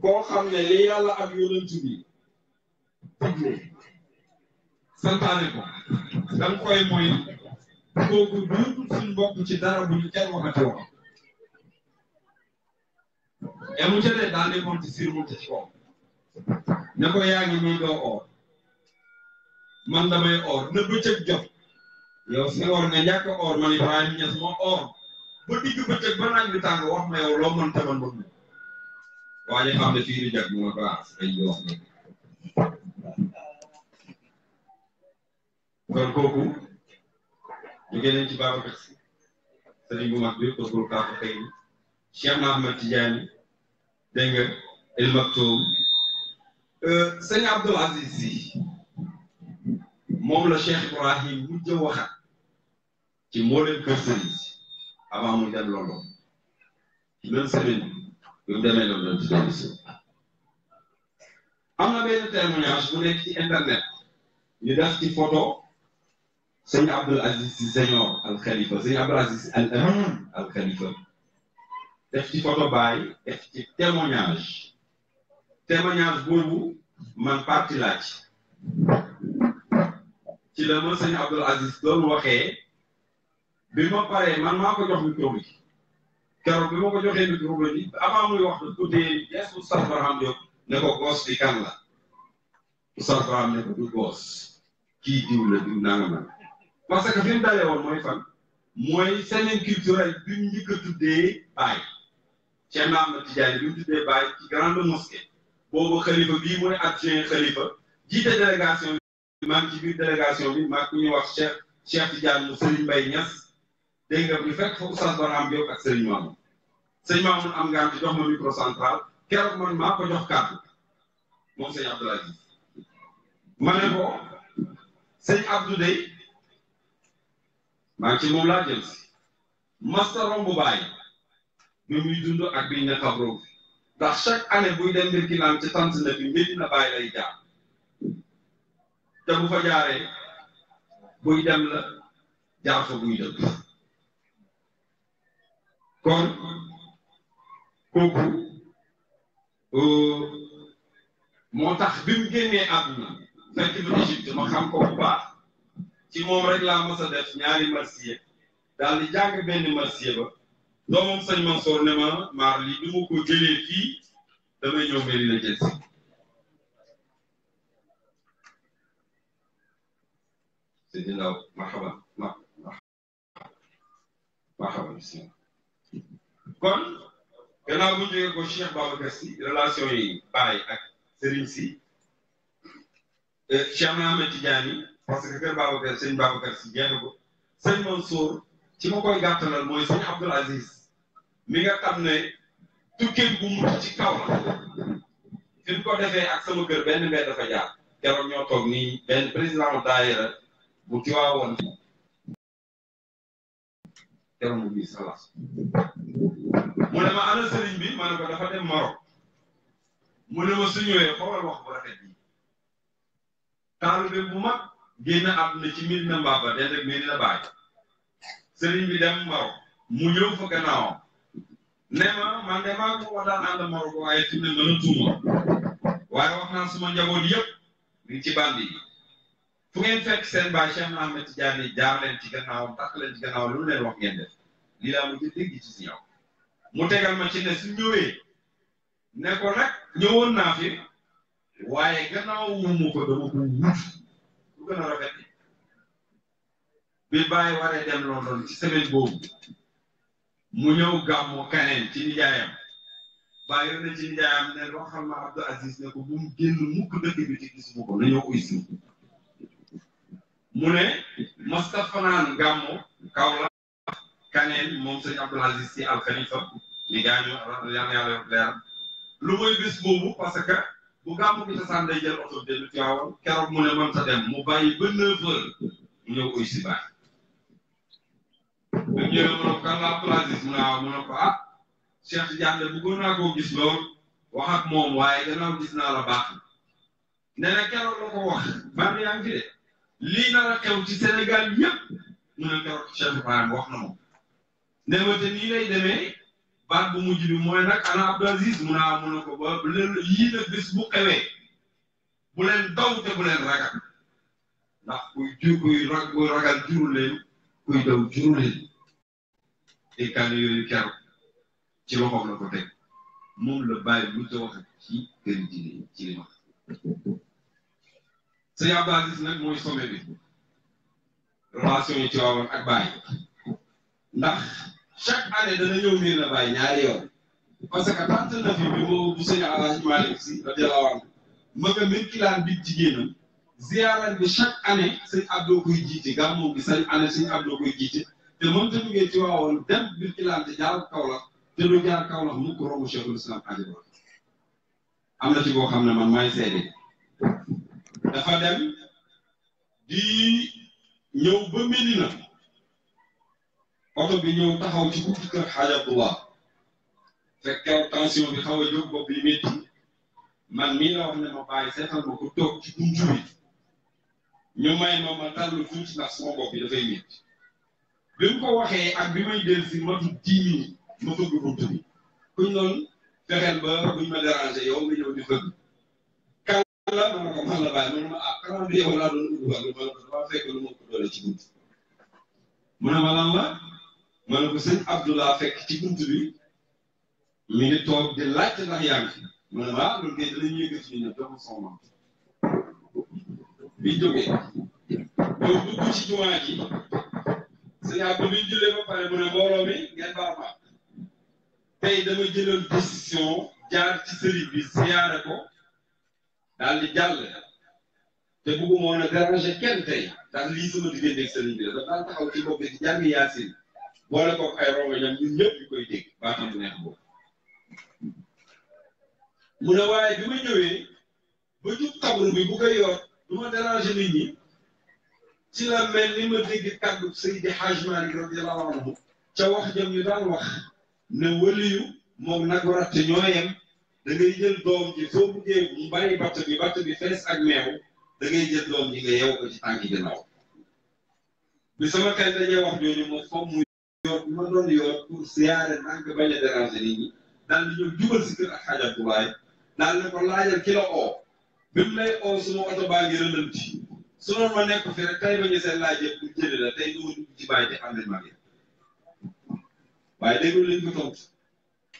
koo xam ne li yàlla ak yonent bi santaane ko dal koy mooy kooku duutul suñ bopp ci dara bu ñu kenn waxati woon emu ca de daal di monti surmonté ci kaw ne ko yaa ngi nii doo oor man damay oor na bëccëg jot yow si oor nga ñàkk oor man Ibrahima Ñas moo oor ba digg bëccëg ba bi tàng wax ma yow loo mën taman bëgg waaye xam ne fii di jag mu nga baax ay wax kon kooku jógee nañ ci Babacar Si sëriñ bu mag bi kooku kaafu xëy na Cheikh Mahamad Tidiane dégg nga El Maktoum euh, sëñ Abdoul Aziz Si moom la Cheikh Ibrahim mujj waxat ci mboolem kër sëriñ si loolu ci même semaine bi am na benn témoignage bu nekk internet ñu def ci photo. sëñ Abdul Aziz si senior al Khalifa sëñ Abdul Aziz al Amin al Khalifa def ci photo baay def ci témoignage témoignage boobu man parti laaj ci la ma Abdul Aziz doon waxee bi ma paree man maa ko jox micro bi keroog bi ma ko joxee micro bi avant muy wax daf ko yes Oustaz Barham ne ko goos bi kan la Oustaz ne ko du goos kii diw la diw nanga nag parce que fi mu dalee woon mooy fan mooy semaine culturelle bi mu njëkk a tuddee Baye Cheikh Ahmed Tidiane bi mu tuddee Baye ci grande mosquée boobu xalifa bii mooy adjoint xalifa jiite délégation bi man ku ñuy wax Cheikh Cheikh Tidiane mu Serigne Mbaye Niass dégg nga ñu fekk fa Oustaz Barham Diop ak Serigne Mamoun Serigne Mamoun am ci jox ma micro central man maa ko jox kàddu moom sëñ Abdoulaye ma ne ko sëñ Abdou Dey maa ngi ci moom laa jëm si masta romb baay bi muy dund ak bi ñaxabroo fi ndax chaque année buy dem Birkilaan ci Tanzania bi Medina Baay lay jaar te bu fa jaaree buy dem la jaar fa buy dëpp kon kooku euh, moo tax bi mu génnee àdduna fekk na Égypte ma xam ko bu ci moom rek laa a def ñaari marsiye daal di jàng benn marsiye ba doomam sëñ Mansour ne ma maar du ma ko damay ñëw mbiri na jël si sëñ ndaw marhaba marhaba bismillah kon gannaaw bu jógee ko Cheikh Babacar Sy relation yi Baye ak Serigne Sy eh, Cheikh parce que kër Babacar sëñ Babacar si ko sëñ Mansour ci ma koy gàttalal mooy sëñ Abdoul Aziz mi nga xam ne ko defee kër benn mbedd dafa jaar keroog ñoo toog nii benn président daayira bu tiwaawoon keroog mu ngi salaas mu ne ma ana bi ma ne ko dafa dem Maroc mu ne ma su ñëwee xoolal wax bu rafet bi taalu bi bu mag génn àdduna ci Medina Mbaba den rek Medina Baay sëriñ bi dem Maroc mu ñëw fa gannaawam ne ma man de maa ko wax daan ànd Maroc waaye fi mu ne mënatuma waaye wax naa suma njaboot yëpp ngi ci bandi yi fu ngeen fekk seen baay Cheikh Ahmed Tidiane jaar leen ci gannaawam takk leen ci gannaawam lu leen wax ngeen def lii laa mujj dégg ci si mu tegal ma ci ne su ñëwee ne ko nag ñëwoon naa fi waaye gannaaw wu mu ko dama ko bu gën a rafet bi bàyyi waree dem London ci semaine boobu mu ñëw gàmmu kaneen ci nijaayam bàyyi yoon na ci nijaayam ne loo xam ne Abdou Aziz ne ko bu génn mukk dëkk bi ci gis mu ko na ñëw uy si mu ne masta fanaan gàmmu kaw la kaneen moom sëñ Abdou Aziz si alxalifa ni gaañu yàlla yàlla leer lu mooy bés boobu parce que bu gàmmu gi tasaan day jël oto dellu Tiwaawan keroog mu ne man sa dem mu bàyyi ba neuf heures mu ñëw uy si baax ba ñëwee mu ne ko kan la mu ne naa koo gis lool wax ak moom waaye gannaaw gis naa la baax ne na la ko wax bànn yaa ngi lii nar a xew ci Sénégal ñëpp mu ne keroog Cheikh Ibrahim wax na moom ne te nii lay demee baat bu mujj bi mooy nag ana Abdou Aziz mun a mun a ko ba leen yii nag bés bu xewee bu leen daw te bu leen ragal ndax kuy jur kuy rag kuy ragal juru leen kuy daw juru leen dénkaane yooyu keru ci loxoom la ko teg moom la bàyyi lu ca wax ci kër ji ci li wax sëñ Abdou Aziz nag mooy sommet bi relation yi ci waawoon ak ndax chaque année dana ñëw miir bàyyi ñaari yoon parce que tànn na fi bi moo bu sëñ Alaaji Malick si radiyallaahu anhu ma nga mbir kilaan bi jigéenam ziaral bi chaque année sëñ Abdou koy jiite gàmmoom bi sañ année sëñ Abdou koy jiite te moom te duggee ci waawoon dem mbir kilaan te jaar Kaolack te du jaar Kaolack mukk romb Cheikhul Islam Adjou am na ci boo xam ne man maay seede dafa dem di ñëw ba Medina. oto bi ñëw taxaw ci buntu kër xaaj Abdullah fekkew tension bi xaw a jóg bopp yi métti man mii la wax ne ma bàyyi seetal ma ko toog ci buntu bi ñu may ma ma tàllu tuuti ndax sama bopp bi dafay métti bi mu ko waxee ak bi may del si matu dix minutes ma fëgg buntu bi kuñ noonu fexeel ba buñ ma déranger yow nga ñëw di fëgg kan la ma ko man la ah, ci buntu mu ne ma lan ma a ko sëñ Abdoulah fekk ci bunt bi mi ngi toog di laajte ndax yaa ngi fi ma ne waaw loolu kay danañ yëngu ci ñun bi jógee ñëw dugg ci jumaa ji sëñ Abdou bi jullee ba pare mu ne mbooloo mi ngeen baal tey dama jëloon décision jaar ci sëriñ bi siyaare ko daal di jàll te bëgguma woon a déranger kenn tey ndax lii sama digganteeg sëriñ bi dafa daan taxaw ci bopp di jàng yaasin boole ko ay rongañam ñun ñëpp ñu koy dégg baatam bu neex boobu mu ne waaye bi ma ñëwee ba jub bi bu koy yor du ma déranger nit ñi ci la mel ni ma dégg kàddu Seydi Hajj Maalik radiyallaahu anhu ca wax jëm ñu daan wax ne waliyu moom nag ratt ñoo yem da ngay jël doom ji soo buggee mu bàyyi batt bi batt bi fees ak meew da ngay doom ji nga yeew ko ci tànk ginnaaw bi sama kay wax jooju moom foog yor bi ma doon yor pour siyaare ndànk bañ a déranger nit daal di ñëw jubal si kër ak xaajal bu baay daal ne ko laajal ki la oo bi mu lay oo suma oto baa ngi rëlanti su noonu ma nekk fi rek tey ba ñu seen laaj yëpp bu jëlee la tey duma dugg ci bàyyi te xam nañ ma bi waaye déglu lañ ko tontu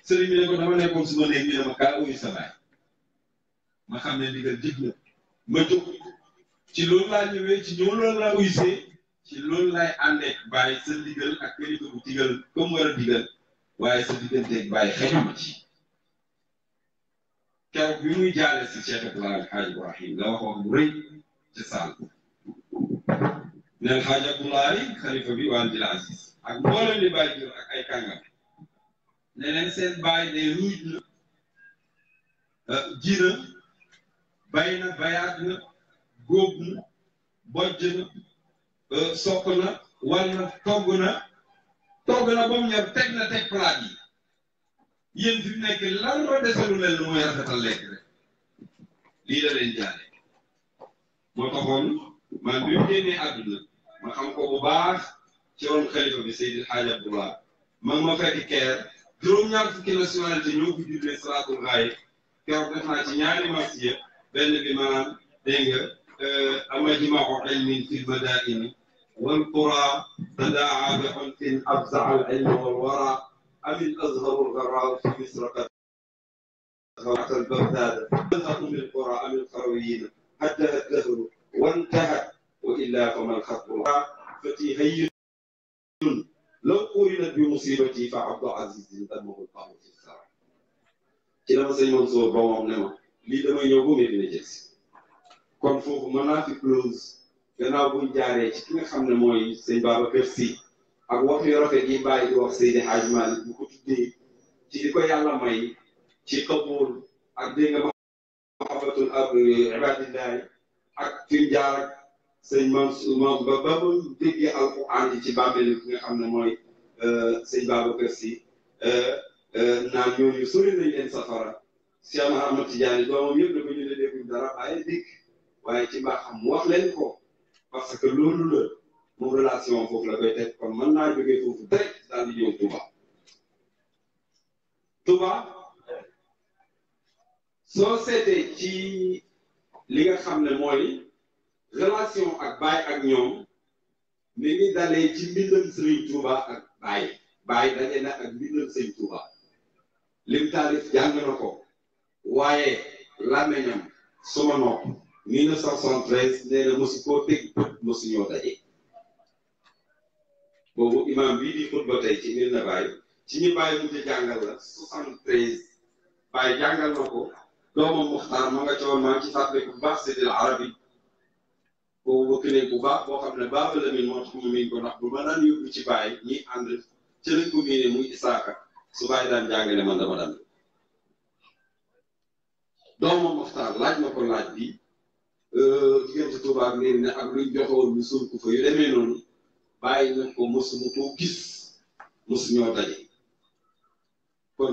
sëriñ ne ko dama nekkoon suma néeg ñu ne ma kaa uyu sa baay ma xam ne ndigal jig na ma jóg ci loolu laa ñëwee ci ñëw loolu laa uysee ci loolu lay àndeek bàyyi sa digal ak kilifa bu digal comme war a digal waaye sa digganteeg bàyyi xeexama ci keroog bi muy jaale si Cheikh Ibrahim Alhaji Ibrahim la waxoon bu rëy ci saal ne Alhaji Abdoulaye xalifa bi waa Ndila Aziz ak mboolem li bàyyi jur ak ay kàngam ne leen seen bàyyi ne ruuj na euh, ji na bayaat na góob na bojj na Euh, sokk na wal na togg na togg na ba mu teg na teg palaat yi yéen nekk lan la desalu leen lu mooy rafetal lekk rek lii la leen jaare moo taxoon man bi mu génnee ma xam ko bu baax ci woon xalifa bi Seydil Hadj Abdoulaye man ma fekk keer juróom-ñaar fukki nationalité ñoo ko jullee salaatul raay keroog def naa ci ñaari marsiya benn bi maanaam dégg nga ama ji ma ko dañ min filma daa ini والقرى فداعى بحمد أفزع العلم والورى أم الأزهر الغراء في مصر قد غرت البغداد بلغت من القرى أم القرويين حتى الدهر وانتهت وإلا فما الخط فتي هين لو قرنت بمصيبتي فعبد عزيز دمه الله في السرع ci dama sëñ Mansour ba moom ne ma lii damay ñëw bu ngeen dina jël si kon foofu mën naa fi close gannaaw buñ jaaree ci ki nga xam ne mooy sëñ Babacar Sy ak wax yu rafet gi baa di wax Seydi Hadj bu ko tuddee ci li ko yàlla may ci xabool ak dégg nga mahabatul ab ibadillahi ak fimu jaar ak sëñ Mansour ki nga xam ne mooy euh, sëñ Babacar Sy euh, euh, naan ñooñu sori nañ leen safara Cheikh Ahmad Tidiane doomam yëpp da ko ñu ne dara waaye dégg waaye ci mbaaxam mu wax leen ko parce que loolu la moom relation foofu la koy teg kon mën naa jógee foofu direct soo seetee ci li nga xam ne mooy relation ak baay ak ñoom mi ngi dalee ci mbindam Serigne Touba ak baay baay daje na ak mbindam Serigne Touba lim taalif jàng na ko waaye làmmeñam suma nopp 1973 nee na mosu koo teg mosu ñoo daje boobu imaam bii di xutba tey ci nit a bàyyi ci ñu bàyyi mujj jàngal la 73 bàyyi jàngal na ko doomam Muxtaar ma nga maa ci fàttali bu baax Seydil Arabi boobu bëgg nañ bu baax boo xam ne Baaba Lamin mu miin ko ndax ma daan yóbbu ci bàyyi ñi ànd ca lañ ko miine muy Isaaka su bàyyi daan jàngale man dama daan doomam Muxtaar laaj na laaj bi. diggante euh, Touba ak Medina ak luñ ko fa yu demee noonu bàyyi na ko mosuma koo gis mosuñoo daje kon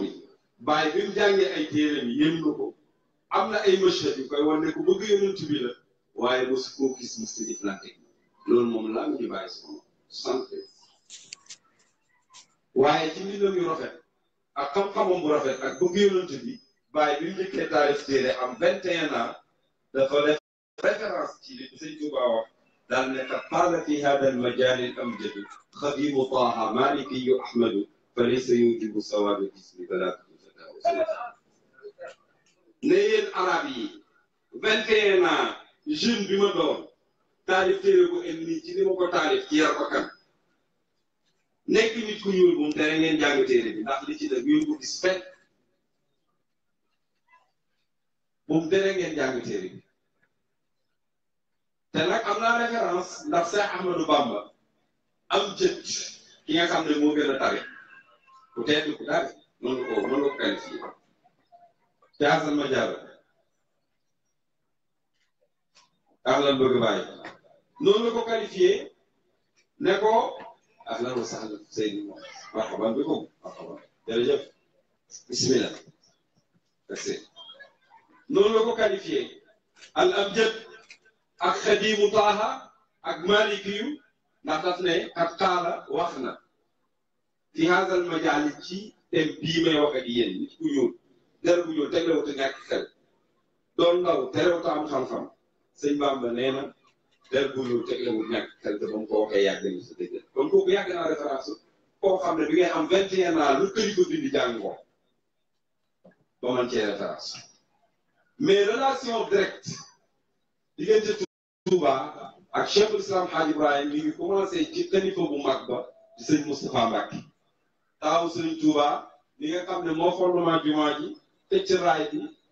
bi bàyyi bi mu jàngee ay téeréem yéem na ko am na ay machines yu koy wan ne ko bëgg yonent bi la waaye mosu koo gis mosu di planté loolu moom laa ñu bàyyi sama sant waaye ci mbindam yu rafet ak xam-xamam bu rafet ak bëgg yonent bi bàyyi bi mu njëkkee taarif téere am 21 ans. dafa def référence ci li sëñ Tuba wax daal ne qad fi hada al majaal al amjadu xabibu taaha malikiyu ahmadu fa laysa yujibu sawaab al jismi balaatu fataawu ne yéen arab yi vingt et un ans bi ma doon taalif téere bu en ci li ma ko taalif ci yar bakkan nekk nit ku ñuul moom tere ngeen jàng bi ndax li ci def ngeen ko gis fekk moom tere bi te nag am naa référence ndax Seex Ahmadou Bamba am jët ki nga xam ne moo gën a tawe ku tedd ku tawe mën nga ko mën nga ko qualifié te Asan ma jaara ahlan bëgg bàyyi ko qualifié ne ko ahlan wa sahlan Seydi moom marhaban bi ko marhaban al am jët ak xadimu taaha ak maliki yu ndax daf ne kat xaala wax na fi haasal majaali ci tem bii may wax ak yéen nit ku ñuul der bu ñuul teglewut a ñàkk xel doon ndaw terewut a am xam-xam sëñ Bamba nee na der bu ñuul teglewut ñàkk xel te ba mu ko waxee yàgg na sa dëgg kon kooku yàgg naa référence koo xam ne bi ngay am vingt lu këri ko dindi jàng ko ba man cee référence mais relation directe diggante Touba ak cheikhul islam Hadj Ibrahim mi ngi commencé ci xalifa bu mag ba di sëñ Moustapha Mbacke taaw sëñ Touba li nga xam ne moo fondement jumaa ji tëj ci raay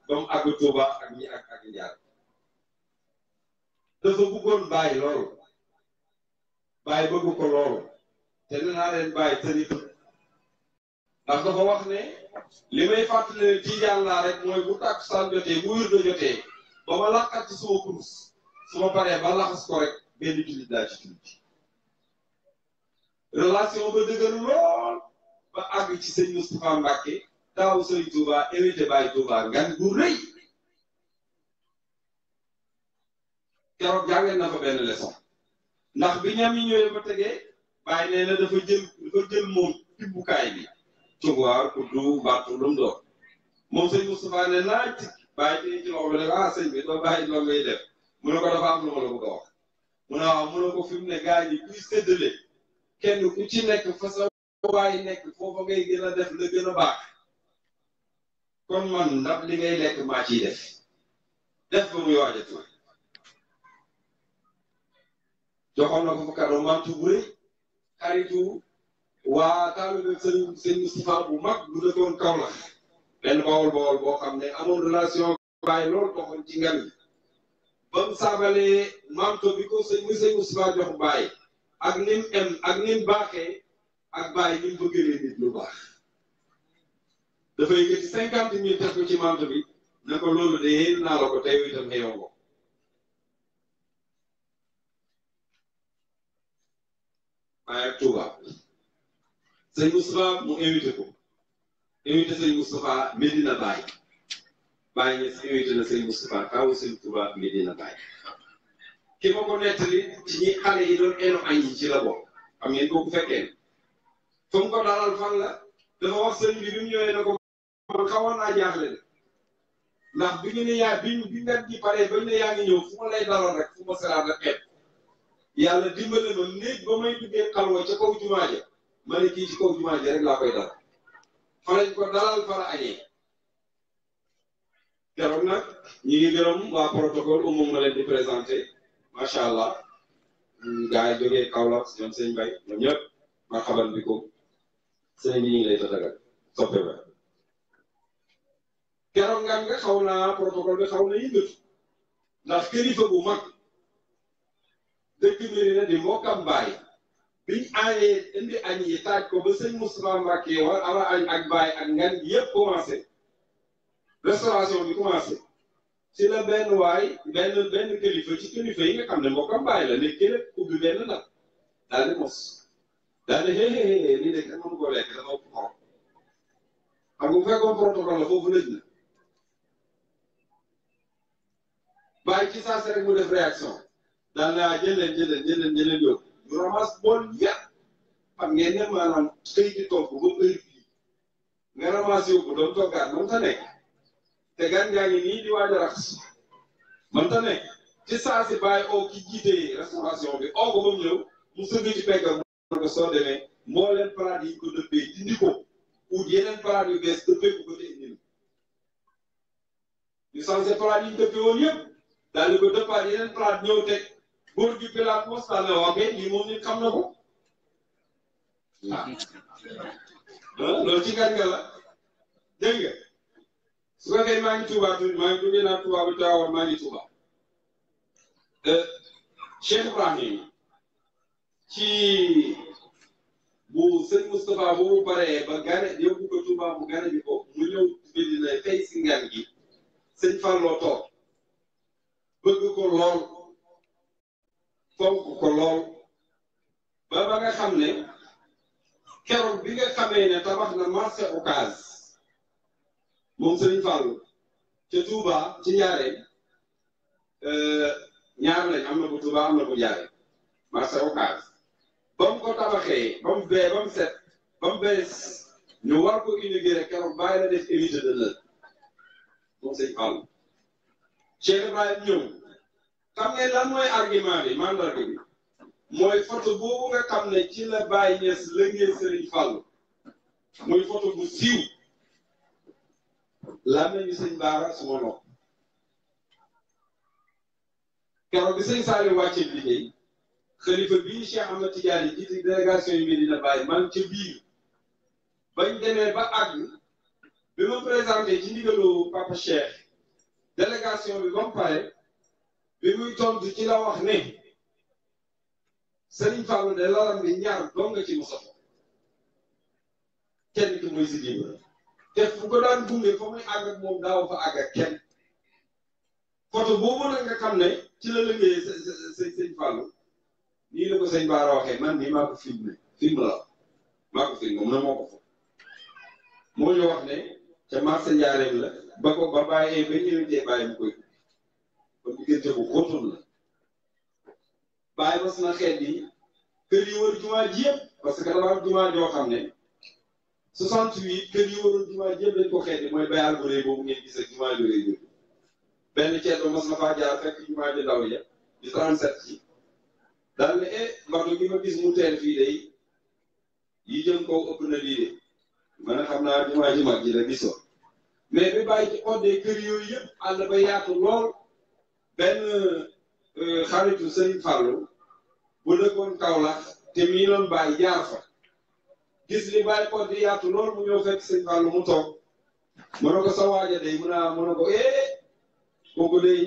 ba mu àgg Touba ak ñi dafa bëggoon bàyyi loolu bàyyi bëgg ko loolu te nee naa leen bàyyi sëriñ ndax dafa wax ne li may fàttali ne tiijaan laa rek mooy bu tàkkusaan jotee bu wirdo jotee ba ma làqat ci suma kurus su ma paree ba laxas ko rek benn jullit laa ci jullit relation ba dëgër lool ba àgg ci sëñ Moustapha Mbacke taaw sëñ Touba évité Baye Touba ngan gu rëy keroog jàngeen na fa benn leçon ndax bi ñam yi ñëwee ba tegee Baye nee na dafa jël moom tibbukaay bi cugwaar kuddu battu lu mu doon moom sëñ Moustapha ne naa ci Baye tey ci loxo bi ne ah sëñ bi doo bàyyi loo ngay def. mu ne ko dafa am lu la bëgg a wax mu ne waaw mu ko fi mu ne gaa yi kuy séddale kenn ku ci nekk fa sa waay nekk foofa ngay gën a def la gën a baax kon man ndab li ngay lekk maa ciy def def ba muy waaj a tuur joxoon na ko fa kàddu mantu bu rëy xaritu waa taalibe sëñ sëñ Moustapha bu mag bu dëkkoon kaw la benn bawol bawol boo xam ne amoon relation baay loolu doxoon ci ngan yi ba mu saagalee bi ko sëñ mu jox baay ak nim em ak nim baaxee ak baay nim bëggee nit lu baax dafay yëkkati cinquante mille def ko ci marto bi na ko loolu de yéen ko tey itam xëyoon ko waaye ak Touba sëñ Moustapha mu invité ko invité sëñ Moustapha Medina Baye Baye Niass invité na sëñ Moustapha kaw sëñ Touba Medina Baye ki ma ko nettali ci ñi xale yi eno añ yi ci la bokk xam ngeen kooku fekkee fa ko dalal fan la dafa wax sëñ bi bi mu ñëwee ko man xawoon naa jaaxle de ndax bi ñu ne yaa biñ bi ngat gi paree ba ñu yaa ngi ñëw fu ma lay daloon rek fu ma salaat ak xeet yàlla dimbale ma néeg ba may duggee xalwa ca kaw ma ne kii ci kaw jumaa ja rek laa koy dal fa lañ ko dalal fa la keroog nag ñi ngi gërëm waa protocole umum nga leen di présenté macha allah mm, gars yi jógee Kaolack ñoom Bay ñoom ñëpp ma bi ko sëñ bi ñu ngi lay tëddagal soppe ba keroog ngan nga xaw naa protocole bi xaw na yëngatu ndax kilifa bu mag dëkk mbiri baay biñ añee indi añ yi ko ba sëñ Moustapha Mbacke war ama añ ak baay ak ngan yëpp commencé restauration bi commencé ci la benn waay benn benn kilifa ci kilifa yi nga xam ne mbokkam bàyyi la ne gën a ubbi benn nag daal di mos daal di xëy xëy xëy nii nag mënu ko lekk dafa ëpp xorom xam nga bu fekkoon protocole la foofu lëj na bàyyi ci saa si rek mu def réaction daal naa jël leen jël leen jël leen jël leen yóbbu ñu ramas bool yëpp xam ngeen ne maanaam këy di togg ba heure bii nga ramas yóbbu doon toggaat moom sa nekk. te gan ngaa ngi nii di waaj a rax man ci saa si bàyyi oo ki jiite restauration bi oo ko ba mu ñëw ci peggam mu ko soo demee moo leen palaat yi ko dëppee dindi ko yeneen palaat yu bees dëppee ko te indi na ñu sanse yi ñu dëppee yëpp daal di ko dëppaat yeneen palaat ñëw teg góor gi pilaat mos tànn waa moom nit xam na ko ah, ah loolu ci gàncax la dégg nga. su ko defee maa ngi Touba tuuti maa ngi jógee naa Touba bu Tiwaawan maa ngi Touba euh, Cheikh Ibrahim ci bu sëñ Moustapha boobu paree ba gane yóbbu ko Touba bu gane bi ko mu ñëw Medina fay si ngan gi sëñ Falloo toog bëgg ko lool fonk ko lool ba ba nga ne keroog bi nga xamee ne tabax na marché Ocass moom Serigne Fallou ca Touba ci Njaareem euh, ñaar lañ am na ko Touba am na ko Njaareem marché Ocass ba mu ko tabaxee ba bee ba set ba bees ñu war ko inaugurer keroog bàyyi la def évité de lël moom Serigne Fallou Cheikh Ibrahima ñëw xam nga lan mooy argument bi mandarga bi mooy photo boobu nga xam ne ci la Baye Niass lëngee Serigne Fallou muy photo bu siiw. lan nañu sëñ baara suma nopp keroog bi sëñ Saliou wàccee liggéey xalifa bii Cheikh Ahmed Tidiane yi jiite délégation yi Medina Baye man ca biir bañ demee ba àgg bi ma présenté ci ndigalu papa Cheikh délégation bi ba pare bi muy tontu ci la wax ne Serigne Fallou de lalam bi ñaar dong nga ci mu soxla kenn ki mooy si dimbali. te fu ko daan gunge fa muy àgg ak moom daaw fa àgg ak kenn photo boobu nag nga xam ne ci la lëggee sa sa sa sëñ Fallou nii la la maa ko filmé moom moo ko fa moo ñu wax ne ca marché njaareem la ba ko ba bàyyee ba ñëwee bàyyi mu koy ba diggante bu xóotoon la bàyyi mas na xeet yi kër yi wër jumaa ji yëpp parce que dafa am jumaa joo xam ne. 68 kër yi waroon jumaa yëpp dañ ko xeeti mooy bayaal bu rëy boobu ngeen gis ak jumaa ju rëy yooyu benn ceeb mos na faa jaar fekk jumaa ju ndaw ya di 37 ci daal ne eh gis mu teel fii day yi xam naa jumaa ji mag ji la gisoo mais bi bàyyi ci oddee kër yooyu yëpp àll ba yaatu lool benn euh, xaritu Sëriñ Fallou bu dëkkoon Kaolack te mii noonu bàyyi jaar fa. gis li bàyyi ko yaatu lool mu ñëw fekk sëñ mu toog mën na ko sa waaja day mën a ah, mën na ko eh kooku day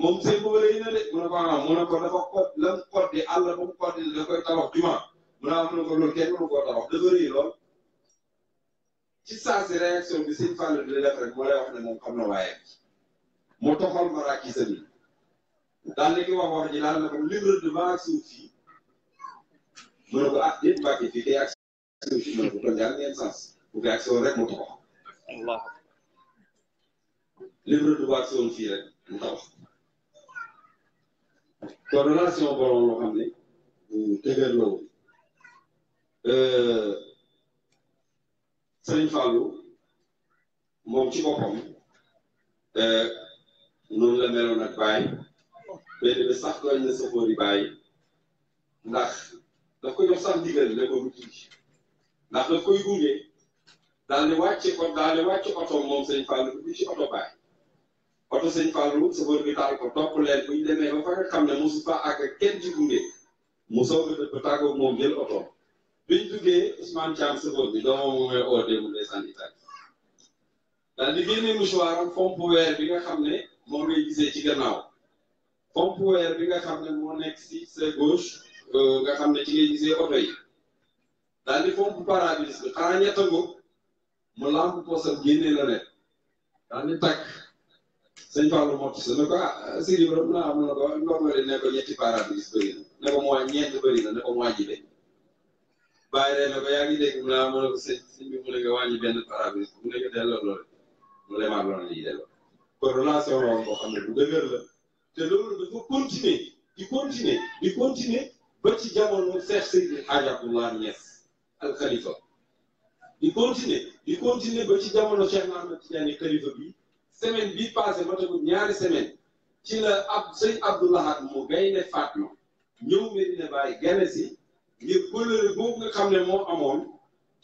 moom sëñ boobu lay na mën na ko ah mën na ko dafa ko lam ko di àll ko di da koy tabax mën naa mën na ko loolu kenn mënu koo tabax dafa rëy lool ci saa si réaction bi sëñ Fallou di def rek moo lay wax ne moom xam na waaye mu toxal maraakisam yi daal li ki wax wax ji daal na ko libre devant suuf fii mën na ko ah déet mbàkke fii kay ak kon daal ngeen sens bu fi ak soon rek mu tabax. waaw. li mu rëdduwaat soon fii rek mu tabax. kon relation borom xam ne bu mm, dëgër la woon. Euh, Sëriñ Fallou moom ci boppam euh, noonu la meloon ak Baye benn bi sax doon na sa xóori Baye ndax daf ko sax ndigal ne ko mu ndax koy gunge daal di wàcc ko daal di wàcc oto moom sëñ Fallou bi ci oto baay oto sëñ Fallou chauffeur bi taal ko topp leen bu ñu demee ba fa xam ne mosu fa àgg kenn ci gunge mu soog a dëpp tàggoog moom jël oto biñ duggee Ousmane Thiam chauffeur bi doomam moom mooy oo démb ndeysaan Italie daal di génne mouchoir am fomp bi nga xam ne moom ngay gisee ci gannaaw fomp weer bi nga xam ne moo nekk si sa gauche euh, nga xam ne ci ngay gisee oto yi. daal di fomp pare-brise bi xanaa ñett nga mu làmp poosam ne daal di takk sëñ Fallou mott si ne ko ah Sidi mu ne ah mu ne ko ndox ne ko ñetti pare-brise bëri na ne ko mooy ñeent bëri na ne ko mu wàññi de bàyyi rek ne ko yaa ngi dégg mu ne ah mu ne mu ne nga wàññi benn pare-brise mu ne nga delloo loole mu lemaat loolu la ñuy delloo. kon relation boobu boo xam ne bu dëgër la te loolu dafa continuer di continuer di continuer ba ci al xalifa di continuer di continuer ba ci jamono Cheikh na Ahmed Tidiane xalifa bi semaine bi passé ba tamit ñaari semaine ci la ab sëñ Abdoulahat mu gaynde Fatma ñëw Medina Baye gane si ngir kóllëre boobu nga xam ne moo amoon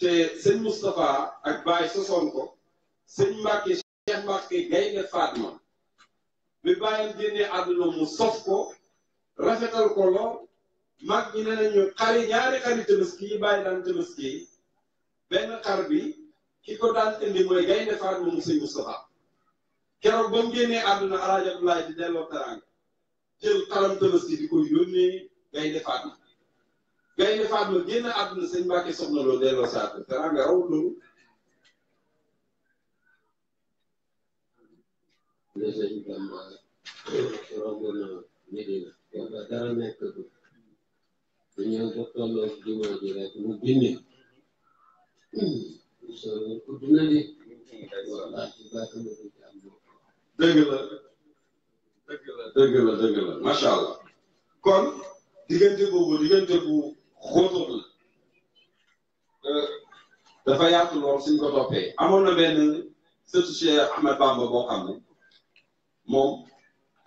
te sëñ Moustapha ak Baye sosoon ko sëñ Mbacke Cheikh Mbacke gaynde bi bàyyam génnee àdduna mu sof ko rafetal ko lool mag ñi ne nañu xari ñaari xari tabaski yi bàyyi daan tabaski benn xar bi ki ko daan indi mooy gaynde Faatma mu sëñ Moustapha keroog ba mu génnee àdduna alaaji Abdoulaye di delloo teraanga jël xaram tabaski di ko yónnee gaynde Faatma gaynde Faatma génn àdduna sëñ Mbàkke soxna loo delloo saa teraanga rawul loolu léeg-léeg ñu daan maa ngi bu ñëw ba tolloo ci jumaa ji rek mu génne so ku dina ne wallaahi baatama allah kon diggante boobu diggante bu xóotoon la eh, dafa yaatu lool suñ ko toppee amoon benn sëtu Cheikh Ahmed Bamba boo moom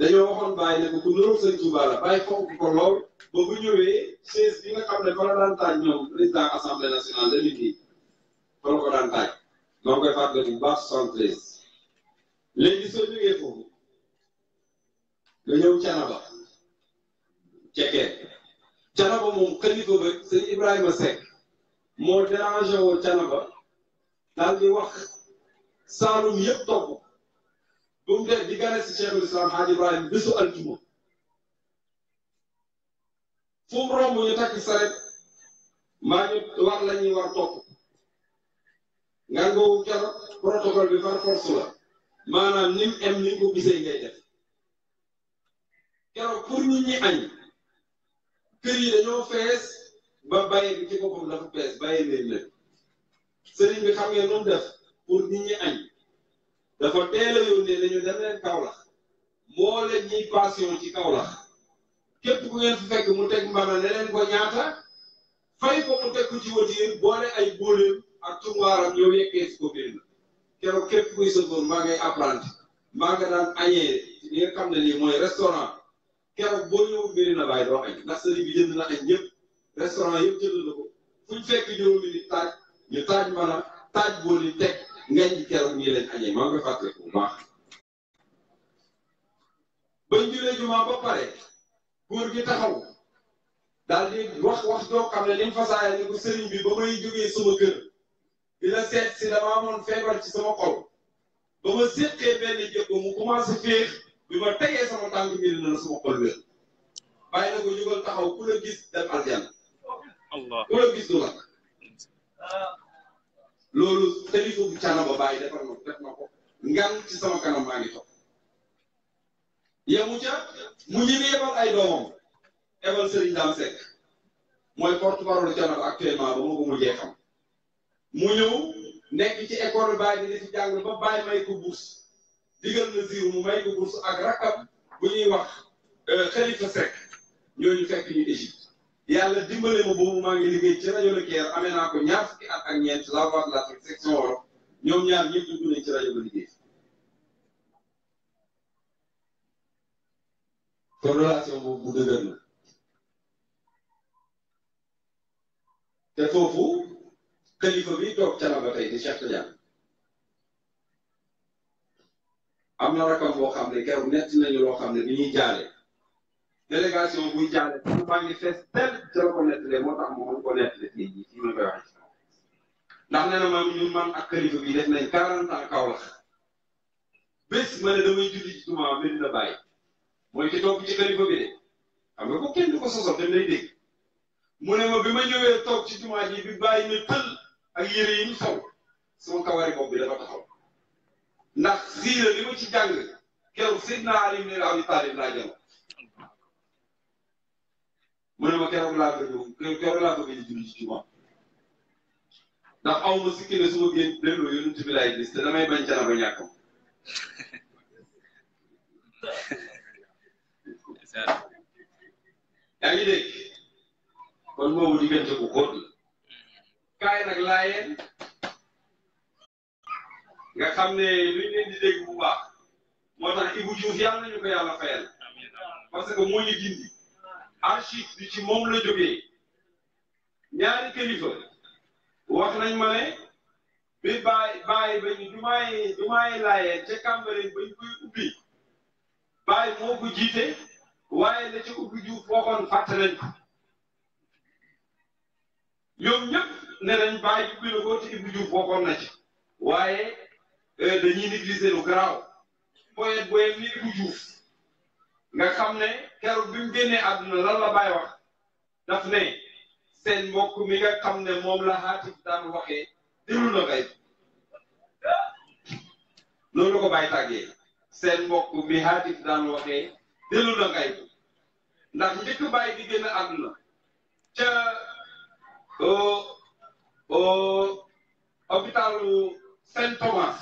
dañoo waxoon bàyyi ne ko ku nëroon sëñ Touba la bàyyi fonk ko lool ba bu ñëwee chaise nga xam ne fa la daan taaj ñoom président assemblée nationale la nit ñi ko daan taaj maa ngi koy fàttali bu baax 73 léegi soo jógee foofu nga ñëw canaba cekkee canaba moom xalifa ba sëñ Ibrahima Seck moo dérangé wax saalum yëpp topp bu mu de di gane si cheikhul islam Hadj Ibrahim bisu aljuma fu mu romb ñu takk saret maa ñu war la ñuy topp ngan boobu keroog protocole bi par force la maanaam ni mu em ni ko gisee ngay def keroog pour nit ñi añ kër yi dañoo fees ba bàyyi bi ci boppam dafa fees bàyyi leen lépp sëriñ bi xam ngeen nu mu def pour nit ñi añ dafa teel a yónnee ne ñu dem leen Kaolack moo leen ñuy passion ci Kaolack képp ku ngeen fi fekk mu teg mbana ne leen ko ñaata fay ko mu teg ko ci watiir boole ay bóoleem ak tungaaram yow yekkee si ko benn keroog képp ku sëfoor maa ngay apprenti maa nga daan añee li nga xam ne lii mooy restaurant keroog boo ñëw mbiri na bàyyi doo añ ndax sëriñ bi jënd na añ ñëpp restaurant yëpp jënd na ko fuñ fekk juróomi nit taaj ñu taaj mbana taaj bóoli teg ngeen ci keroog nii lañ añee maa ngi fàttaliku bu baax bañ julee jumaa ba pare góor gi taxaw daal wax wax joo xam ne lim fasaaya ni ko sëriñ bi ba may jógee sama kër di la seet si dama amoon feebar ci sama xol ba ma séqee benn jëkko mu commencé féex bi ma tegee sama tànk mbir na la sama xol wér bàyyi jógal taxaw ku la gis dem aljanna ku la gis du lakk loolu xalifa bu canaba bàyyi defar na def ko ngan ci sama kanam maa ngi toog yemu ca mu ñi yebal ay doomam ebal Serigne Dame Seck mooy porte parole canaba actuellement ba ma ko mujjee xam mu ñëw nekk ci école bàyyi dina ci jàng ba bàyyi may ko bourse digal na ziir mu may ko bourse ak rakab bu ñuy wax xalifa euh, Seck ñooñu fekk ñu Égypte yàlla dimbale ma boobu maa ngi liggéey ci rajo Linguère amee naa ko ñaar fukki at ak ñeent la voix de l'Afrique section wolof ñoom ñaar ñëpp dugg nañ ci rajo ba liggéey kon relation boobu bu la te foofu xalifa bi toog cana ba tey di Cheikh Tidiane am na rakam boo xam ne keroog nett nañu loo xam ne bi ñuy jaaree délégation buy jàll bu maa ngi fees teel ca la ko nettalee moo tax moom ko nettalee fii nii fii ma koy waxee ndax nee na maam ñun man ak kalifa bi def nañ 40 ans Kaolack bés ma ne damay julli ci jumaa mel na bàyyi mooy ki topp ci kalifa bi de xam nga ko kenn ko sosol dañ lay dégg mu ne ma bi ma ñëwee toog ci jumaa ji bi bàyyi na tël ak yére yi ñu sol sama kawari bopp bi dafa taxaw ndax siira li ma ci jàng keroog Seydina Ali ibn Abi Talib laa jël mu ne ma keroog laa bëgg keroog laa bëgg a julli ci jumaa ndax aw ma sikki ne su ma génn delloo te damay bañ ca ba ñàkkam yaa ngi dégg kon boobu diggante bu xóot la nag laayeen nga xam ne luñ leen di dégg bu baax moo tax Ibou Diouf yàlla nañu ko yàlla fayal parce que moo ñu gindi archive bi ci moom la jógee ñaari kilifa wax nañ ma ne bi bàyyi bàyyi ba ñu jumaay jumaay laayeen ca Cambérène ba ñu koy ubbi bàyyi moo ko jiite waaye la ca ubbi Juuf waxoon fàtte nañ ko ñëpp ne nañ bàyyi ubbi na ko te Ibnu ci waaye euh, dañuy négliger lu garaaw poète booyam ni Ibnu Juuf nga xam ne keroog bi mu génnee àdduna lan la bàyyi wax ne seen mbokk mi nga xam ne moom la xaatif daan waxee dilu na kay loolu ko bàyyi tàggee seen mbokk mi xaatif daan waxee dilu na kay ndax njëkk bàyyi di génn àdduna ca hôpitalu Saint Thomas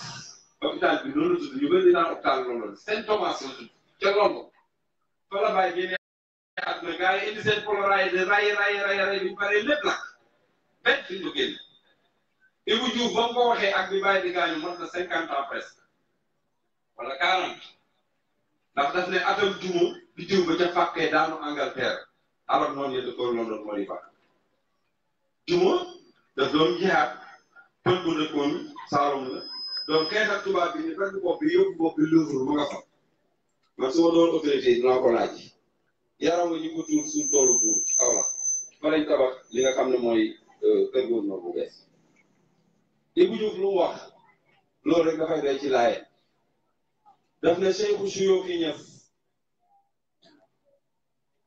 hôpital bi loolu tudd ñu bëri naan hôpital loolu Saint Thomas la tudd ca Londres fa la bàyyi génne àdduna gars indi seen polaroid ray ray ray ray bi pare lépp lakk benn fi ñu génn Ibou Diouf ba mu ak bi bàyyi di gaañu mot na cinquante ans presque wala quarante ndax daf ne atam jumo di jiw ca fàkkee daanu Angleterre alors noonu yëpp da koo London moo di jumo daf doon jihaat tubaab bi ni fekk bopp bi yóbbu bopp bi Louvre ma nga fa. man su ma doon autorité dinaa ko laaj yaram nga ñu ko tuur suñu toolu buur ci kaw la fa lañ tabax li nga xam ne mooy euh, kër bu bees Ibou Diouf lu mu wax loolu rek dafay day ci laaye daf ne Cheikh Suyooki Ñas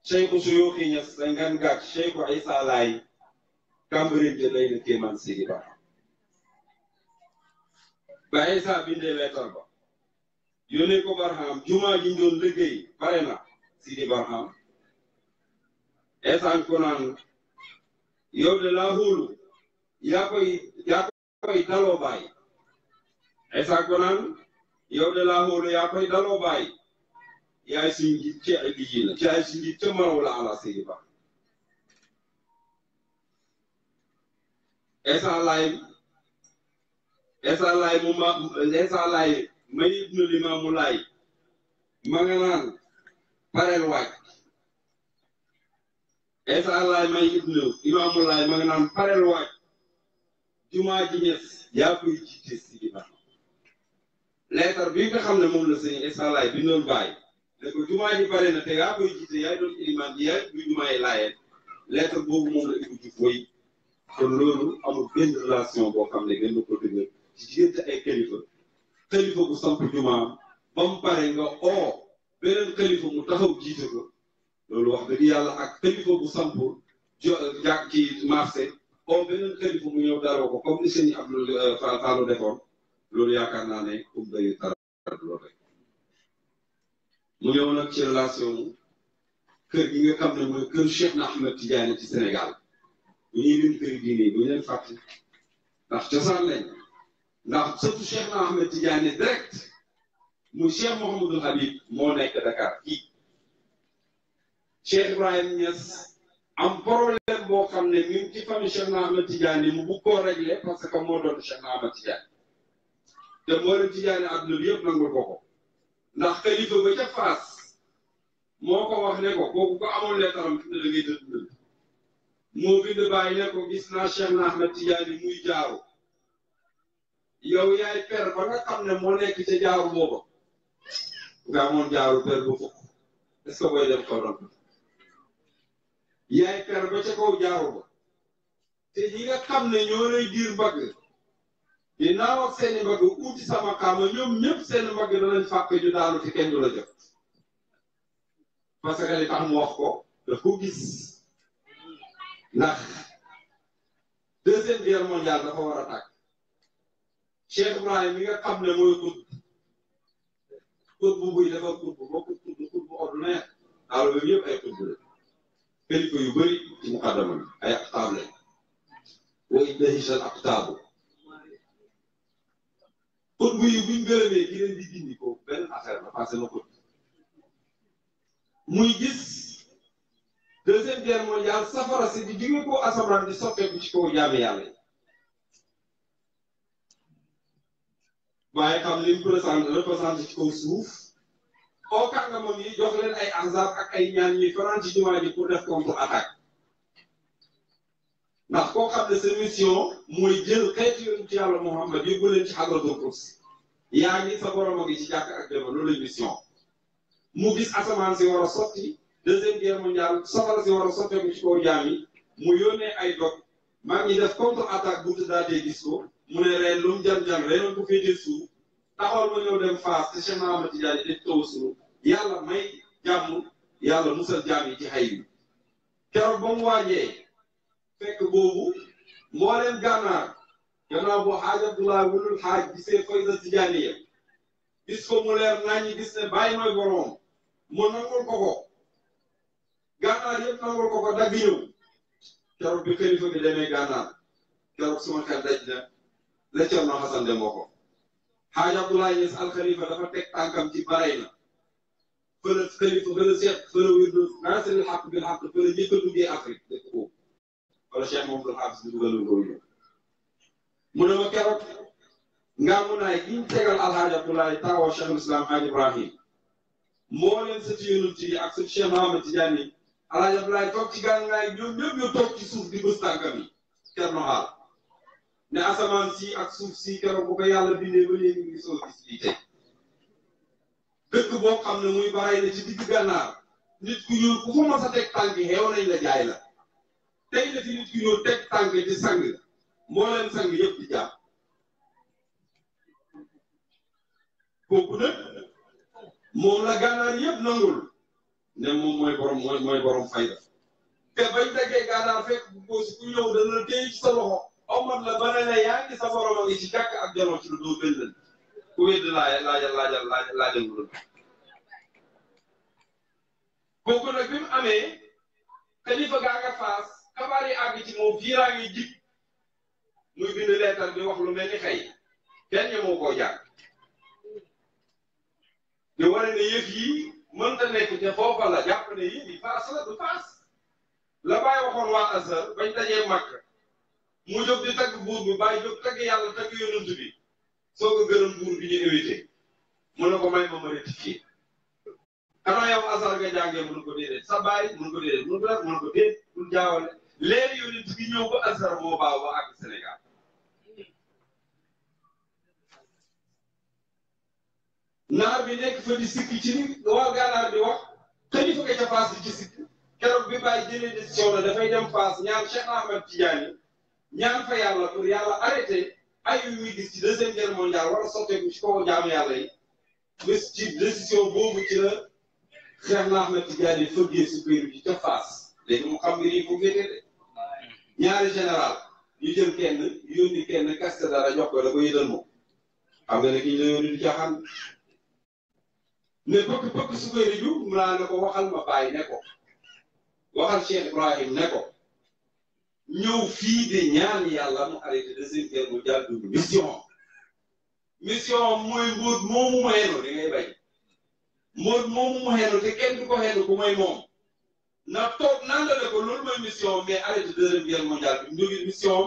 Cheikh Suyooki Ñas da ngan gàtt Cheikh Issa Laay Cambérène te lay na kéemaan Sidi Ba ba Issa bindee leetar ba yónnee ko Barham juma ji ñu doon liggéey pare na Sidi Barham esaan ko naan yow de laa xóolu yaa koy yaa koy daloo baay esaan ko naan yow de laa xóolu yaa koy daloo baay yaay suñ ji ci ay liggéey la ci ay suñ ji cëmmaraw la ala Sidi Ba esaan laay esaan laay mu ma esaan laay may ibnu limaamu laay ma nga naan pareel waaj Esa laay may ibnu imaamu laay ma nga naan pareel waaj jumaa ji ñes yaa koy jiite si ginnaaw leetar bi nga xam ne moom la sëñ Esa laay bi noonu bàyyi ne jumaa ji pare na te yaa koy jiite yaay doon ilimaan bi yaay bu jumaa yi laayeen leetar boobu moom la ibu juf kon loolu amul benn relation boo xam ne gën na ko dëgër ci diggante ay kilifa xalifa bu samp jumaam ba pare nga oo beneen xalifa mu taxaw jiite ko loolu wax dëgg yàlla ak xalifa bu samp jo jàkk ci marché oo beneen xalifa mu ñëw daroo ko comme ni sëñ Abdou euh, Fallou defoon loolu yaakaar naa mu ñëw nag ci relation mu gi nga xam ne mooy kër Cheikh na Ahmed Tidiane ci Sénégal bu ñuy lim kër diine yi bu ñu cosaan lañ ndax surtout Cheikh na Ahmed Tidiane direct muy Cheikh Mouhamadul Habib moo nekk Dakar kii Cheikh Ibrahim Niass am problème boo xam ne mi ngi ci famille Cheikh na Ahmed Tidiane mu bugg koo parce que moo doon Cheikh na Ahmed Tidiane te mboolem Tidiane àdduna bi nangul ko ndax kalifa ba ca Faas moo ko wax ne ko kooku ko amoon leetaram fi ne da ngay dënd moo bind bàyyi ne ko gis naa Cheikh na Ahmed Tidiane muy jaaru yow yaay per ba nga xam ne moo nekk ca jaaru booba nga amoon jaaru per bu fukk est ce que booy dem kaw doon yaay per ba ca kaw jaaru ba te ñi nga xam ne ñoo lay diir mbagg dinaa wax seen i mbagg uuti sama xaama ñoom ñëpp seen mbagg danañ fàq ñu daanu te kenn du la jot parce que li tax mu ko daf ko gis ndax deuxième guerre mondiale dafa war a tàkk Cheikh Ibrahim mi nga xam ne mooy kutb kutb buy dafa kutb boo ko tudd kutb ordinaire daal yooyu yëpp ay kutb la kilifa yu bëri ci muqaddama bi ay aqtaab lañ wa iddahisal aqtaabu kutb yi buñ gërëmee ki leen di dindi ko benn affaire la passé na kutb muy gis deuxième guerre mondiale safara si di jóge ko asamaan di soppeeku ci kaw jaami yàlla yi waaye xam li mu représenté ci kaw suuf koo tax nga moom yi jox leen ay ahzab ak ay ñaan ñuy faral ci jumaa pour def contre attaque ndax koo xam ne sa mission mooy jël xeetu yoon ci yàlla Muhammad yóbbu leen ci xadratul kursi yaa ngi sa borom a ci jàkk ak jamono loolu mission mu gis asamaan si war a sotti deuxième guerre mondiale safara si war a sotteeku ci kaw jaam yi mu yónnee ay dog maa ngi def contre attaque bu tëddaatee gis ko. mu ne reen lu mu jam-jam reenoon ko féetee suuf taxawal ma ñëw dem faas te Cheikh Maama Tidiane def tawassul may jàmm yàlla musal jaam yi ci xay bi keroog ba mu waajee fekk boobu mbooleem gànnaar gannaaw bu xaaj Abdoulaye wulul xaaj gisee fayda Tijaaniya gis ko mu leer naññi gis ne bàyyi mooy boroom mu nangul ko ko gànnaar yëpp nangul ko ko dagg ñëw keroog bi xalifa bi demee gànnaar keroog suma xel daj na la Cerno Xasan Dem waxoon Xaaj Abdoulaye Niass alxalifa dafa teg tànkam ci Barayna fële xalifa fële Cheikh fële wir naasiril xaq bil xaq fële njëkk a duggee Afrique dëkk boobu wala Cheikh moom dafa am suñu dugal ko ñu mu ne ma keroog ngàmmu naay gi ñu tegal alxaaj Abdoulaye taawoo Cheikh Islam Xaaj Ibrahim moo leen sëti yonent yi ak sëti Cheikh Mahamad Tidiane alxaaj Abdoulaye toog ci gànnaay ñoom ñëpp ñu toog ci suuf di bës tànkam yi ne asamaan si ak suuf si keroog bu ko yàlla bindee ba léegi ngi soo gis lii tey dëkk xam ne muy baray na ci digg gànnaar nit ku ñuul ku fa teg tànk xeew nañ la jaay la tey la fi nit ku ñuul teg tànk ci sang moo leen sang yëpp di jàpp kooku nag moom la gànnaar yëpp nangul ne moom mooy borom mooy mooy borom fayda te bañ dajee fekk bu ko si ku ñëw dana la ci sa loxo ommat la ba ne yaa ngi sa borom a ngi ci jàkk ak janoo ci lu doo benn ku wedd laaj laajal laajal laajal lu kooku nag bi mu amee kalifa gaa nga faas xabaar yi àgg ci moom fiiraa ngi jib muy bind leetar bi wax lu mel ni xëy kenn ñemoo koo jàng di wane ne yëf yi mënta nekk te foofa la jàpp ne yi di faas la du faas la bàyyi waxoon waa asar bañ dajee màkk mu jóg di tagg buur bi bàyyi jóg tagg yàlla tagg yonent bi soo ko gërëm buur bi ñu invité mu ne ko may ma ma rectifié xanaa yow nga jàngee mun ko déedéet sa baay mun ko déedéet mun mun ko déet mun jaawale léegi bi ñëw ba asar moo ba ak Sénégal naar bi nekk fa di sikki ci ni waa gànnaar di wax xëy fa ca Fass di ci sikki keroog bi bàyyi jëlee décision la dafay dem Fass ñaan Cheikh Ahmed Tidiane ñaan fa yàlla pour yàlla arrêté ay yu muy gis ci deuxième guerre mondiale wala sotteeku ci kaw jaamu yàlla yi bés ci décision boobu ci la xeex na Ahmed Tidiane fëggee supérieur yi ca Fass léegi mu xam ngir yi mu de ñaari général ñu jël kenn yónni kenn kaste dara jox ko la ko yëgal ki ñu la yónni di ne pëkk pëkk supérieur yi mu naa ne ko waxal ma bàyyi ne waxal Cheikh Ibrahim ne ñëw fii de ñaan yàlla mu arrêté deuxième guerre mondiale du mission mission mooy mbóot moomu ma xenu di ngay bay mbóot moomu ma xenu te kenn du ko xenu ku may moom na toog nandale ko loolu mooy mission mais arrêté deuxième guerre mondiale bi ñu mission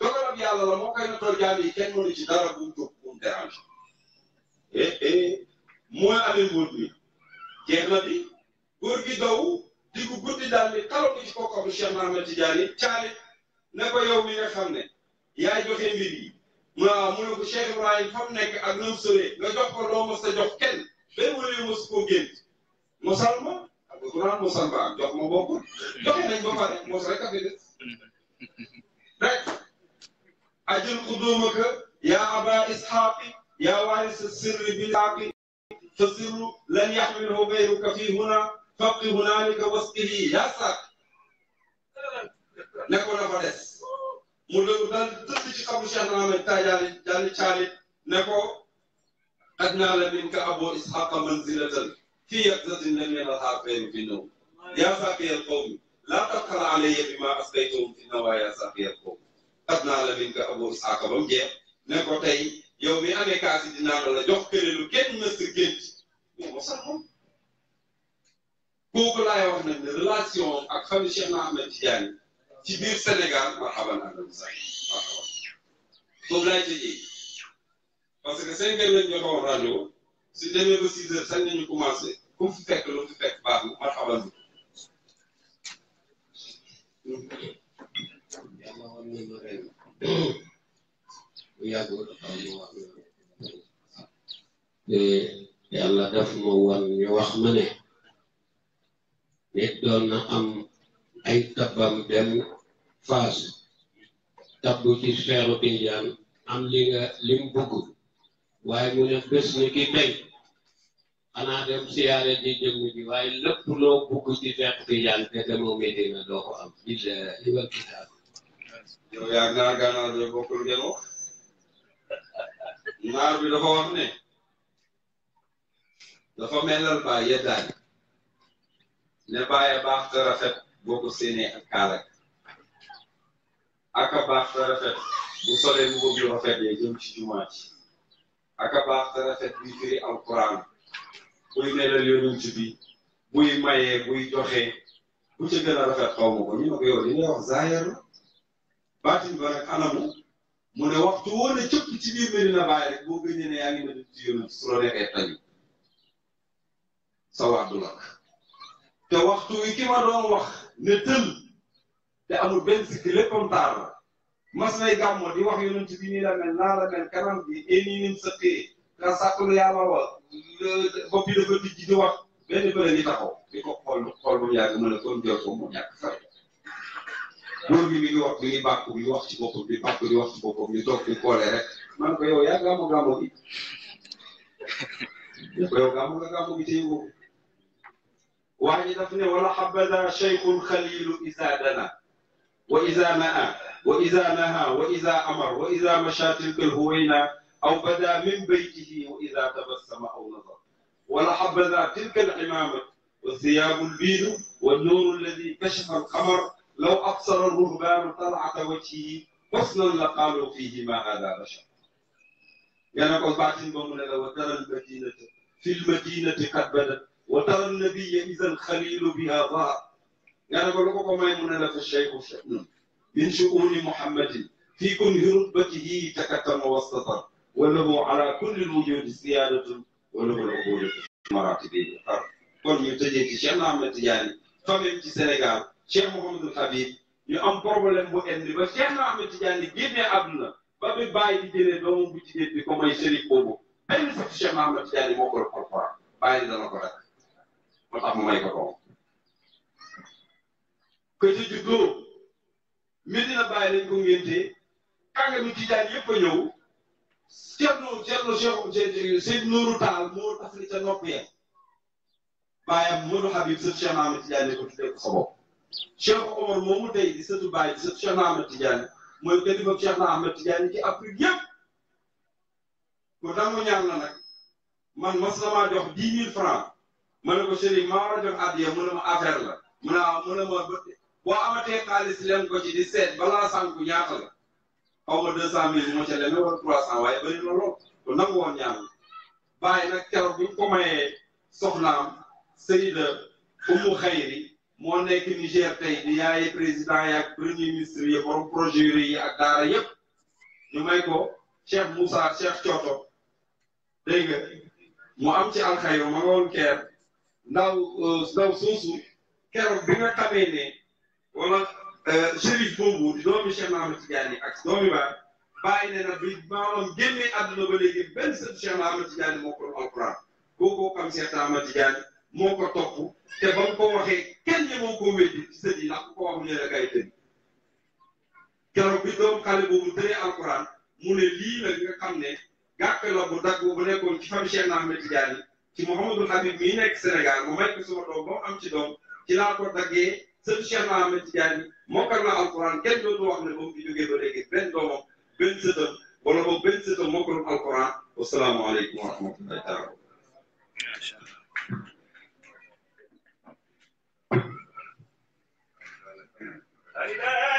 dogalab yàlla la moo koy natoo jaam yi kenn mënu ci dara bu mu jóg bu mu dérange eh eh mooy amee mbóot bi jeex na bi góor gi daw di ko guddi daal di taloo ci kooku ak Cheikh Mahamad Tidiane caali ne ko yow mi nga xam ne yaay joxe mbir yi mu ne ko Cheikh Ibrahim fa nekk ak nam soree jox ko loo mos jox kenn benn wala mos koo gént mosal ma ak ko naan mosal ba jox ma bokkul joxe nañ ba a fi des rek ajël xuduumaka yaa aba isxaaqi yaa sirri bi taaqi fa sirru lan yaxmilhu gayruka fi huna faqi hunaalika wasqihi yaa saak ne ko na fa mu dëgg daal di ci xamu Cheikh Ahmed Tidiane Diagne Thialit ne ko naa la min ka aboo isxaqa manzilatan fii yakzatin lam yanalhaa feen fi naw yaa saaqiyal yaa saaqiyal qawmi xaj naa la min ka aboo ba mu jeex ne tey yow mi amee la jox këréelu kenn mës a gént mais moo sax moom kooku laay wax relation ak famille Cheikh Ahmed Tidiane ci biir Sénégal marhaban ahlan sahlan marhaban foofu laay tëjee parce que cinq heures lañ joxoon rajo su demee ba six heures sañ nañu commencé comme fi fekk lu fi fekk baax na marhaban yàlla daf ma wan ñu wax ma ne nit doon na am ay tabam dem phase tabbu ci sphère opiniane am li lim bëgg waaye mu ne bés ni ki tey xanaa dem siyaare ji jëmm ji waaye lépp loo bëgg ci fekk tijaan te demoo Medina doo ko am billaahi wal kitaab yow yaa naar gànnaar bi bokkul ngeen wax naar bi dafa wax ne dafa melal ba yeddaani ne bàyyi baax te rafet boo ko séenee ak kaala ak a baax te rafet bu solee mu bëgg lu rafet yee jëm ci jumaa ci ak a baax te rafet buy firi alquran buy melal yonent bi buy mayee buy joxe bu ci gën a rafet xaw ma ko ñu ne ko yow li ngay wax zaahir la baatin mu ne waxtu woo ne ci biir Medina Baay rek boo gëñee ne yaa ngi mel ci yonent su la nekkee tañ sa te waxtu wi ki ma doon wax ne tël te amul benn sikki léppam taar la mas nay gàmmo di wax yonent bi nii la mel naa la mel kanam bi éni nim sëttee ka sàkkul yàlla wa bopp bi dafa tijji di wax benn bële ni taxaw di ko xool xool ba mu yàgg mën a kon jël ko mu ñàkk fay góor gi mi ngi wax mi ngi bàkku di wax ci boppam di bàkku di wax ci boppam di toog di koolee rek man ko yow yaa gàmmo gàmmo gi ko yow gàmmo nga gàmmo gi tey woo waa ji daf ne wala xabada cheikhul xalilu isadana وإذا نأى وإذا نهى وإذا أمر وإذا مشى تلك الهوينة أو بدا من بيته وإذا تبسم أو نظر ولحبذا تلك العمامة والثياب البيض والنور الذي كشف القمر لو أبصر الرهبان طلعة وجهه حسنا لقالوا فيه ما هذا بشر يعني قد بعتن بمنا وترى المدينة في المدينة قد بدت وترى النبي إذا الخليل بها ظهر nga ne ko lu ko ko may mu ne la fa cheikhu cheikh min shuuni muhammadin fi kun hi rutbatihi takattama wastatar walahu ala kulli lwujudi siyadatun walahu lubudatu maratibi ar kon ñu tëjee ci Cheikh Ahmed Tidiane famille ci Sénégal Cheikh Mouhamadul Habib ñu am problème bu indi ba Cheikh Ahmed Tidiane génnee àdduna ba bi bàyyi di jëlee doomam bu jigéen bi ko may sëriñ boobu benn sax Cheikh Ahmed Tidiane moo ko la corporate bàyyi dana ko rek moo tax mu may ko doom que ci juddoo Medina Baye lañ ko ngénte kàngami tijaan yëpp a ñëw Cerno Cerno Cheikh Sëñ Nuuru Taal moo tax li ca nopp yem baayam Modou Habib sëtu Cheikh Ahmed Tidiane ko tuddee ko sa bopp Cheikh Omar moomu tey di sëtu Baye di sëtu Cheikh Ahmed Tidiane mooy kilifa Cheikh Ahmed Tidiane ci Afrique yëpp ku nangu ñaan la nag man mas na jox dix mille francs ma ne ko Serigne maa war a jox addiya mu ma affaire la ne ah mu ne ma boo amatee xaalis leen ko ci di seet balaa sànku ñaata la xaw ma deux cent mille moo ca demee wala trois cent waaye bëri na lool ku nangu ñaan bàyyi nag keroog bi ko mayee soxnaam Seyda Umu Xayri moo nekk Niger tey di yaay président yaak premier ministre yi borom projet yi ak daara yépp ñu may ko Cheikh Moussa Cheikh Cooto dégg mu am ci alxayru ma nga woon ndaw euh, suusu keroog bi nga xamee wala e, chérif boobu doomi Cheikh Mahamad Tidiane ak doomi baay bàyyi ne na bi maamam génnee àdduna ba léegi benn sët Cheikh Mahamad Tidiane moo ko alquran kookoo xam Cheikh Mahamad Tidiane moo ko topp te ba mu ko waxee kenn ñemoo koo weddi ci sët yi ndax ku ko wax mu ne la kay tëj keroog bi doom xale boobu tëree alquran mu ne lii la nga xam ne gàppe la bu dagg bu nekkoon ci fam Cheikh Mahamad Tidiane ci Mouhamadul Habib mii nekk Sénégal mu may ko suma doom ba mu am ci doom ci laa ko daggee sëñ Cheikh Ahmed Tidiane mokkal na alquran kenn dootu wax ne moom fi jógee ba léegi benn doomam benn sëtam wala boog benn sëtam mokkalul alquran wasalaamualeykum wa rahmatullahi taala لا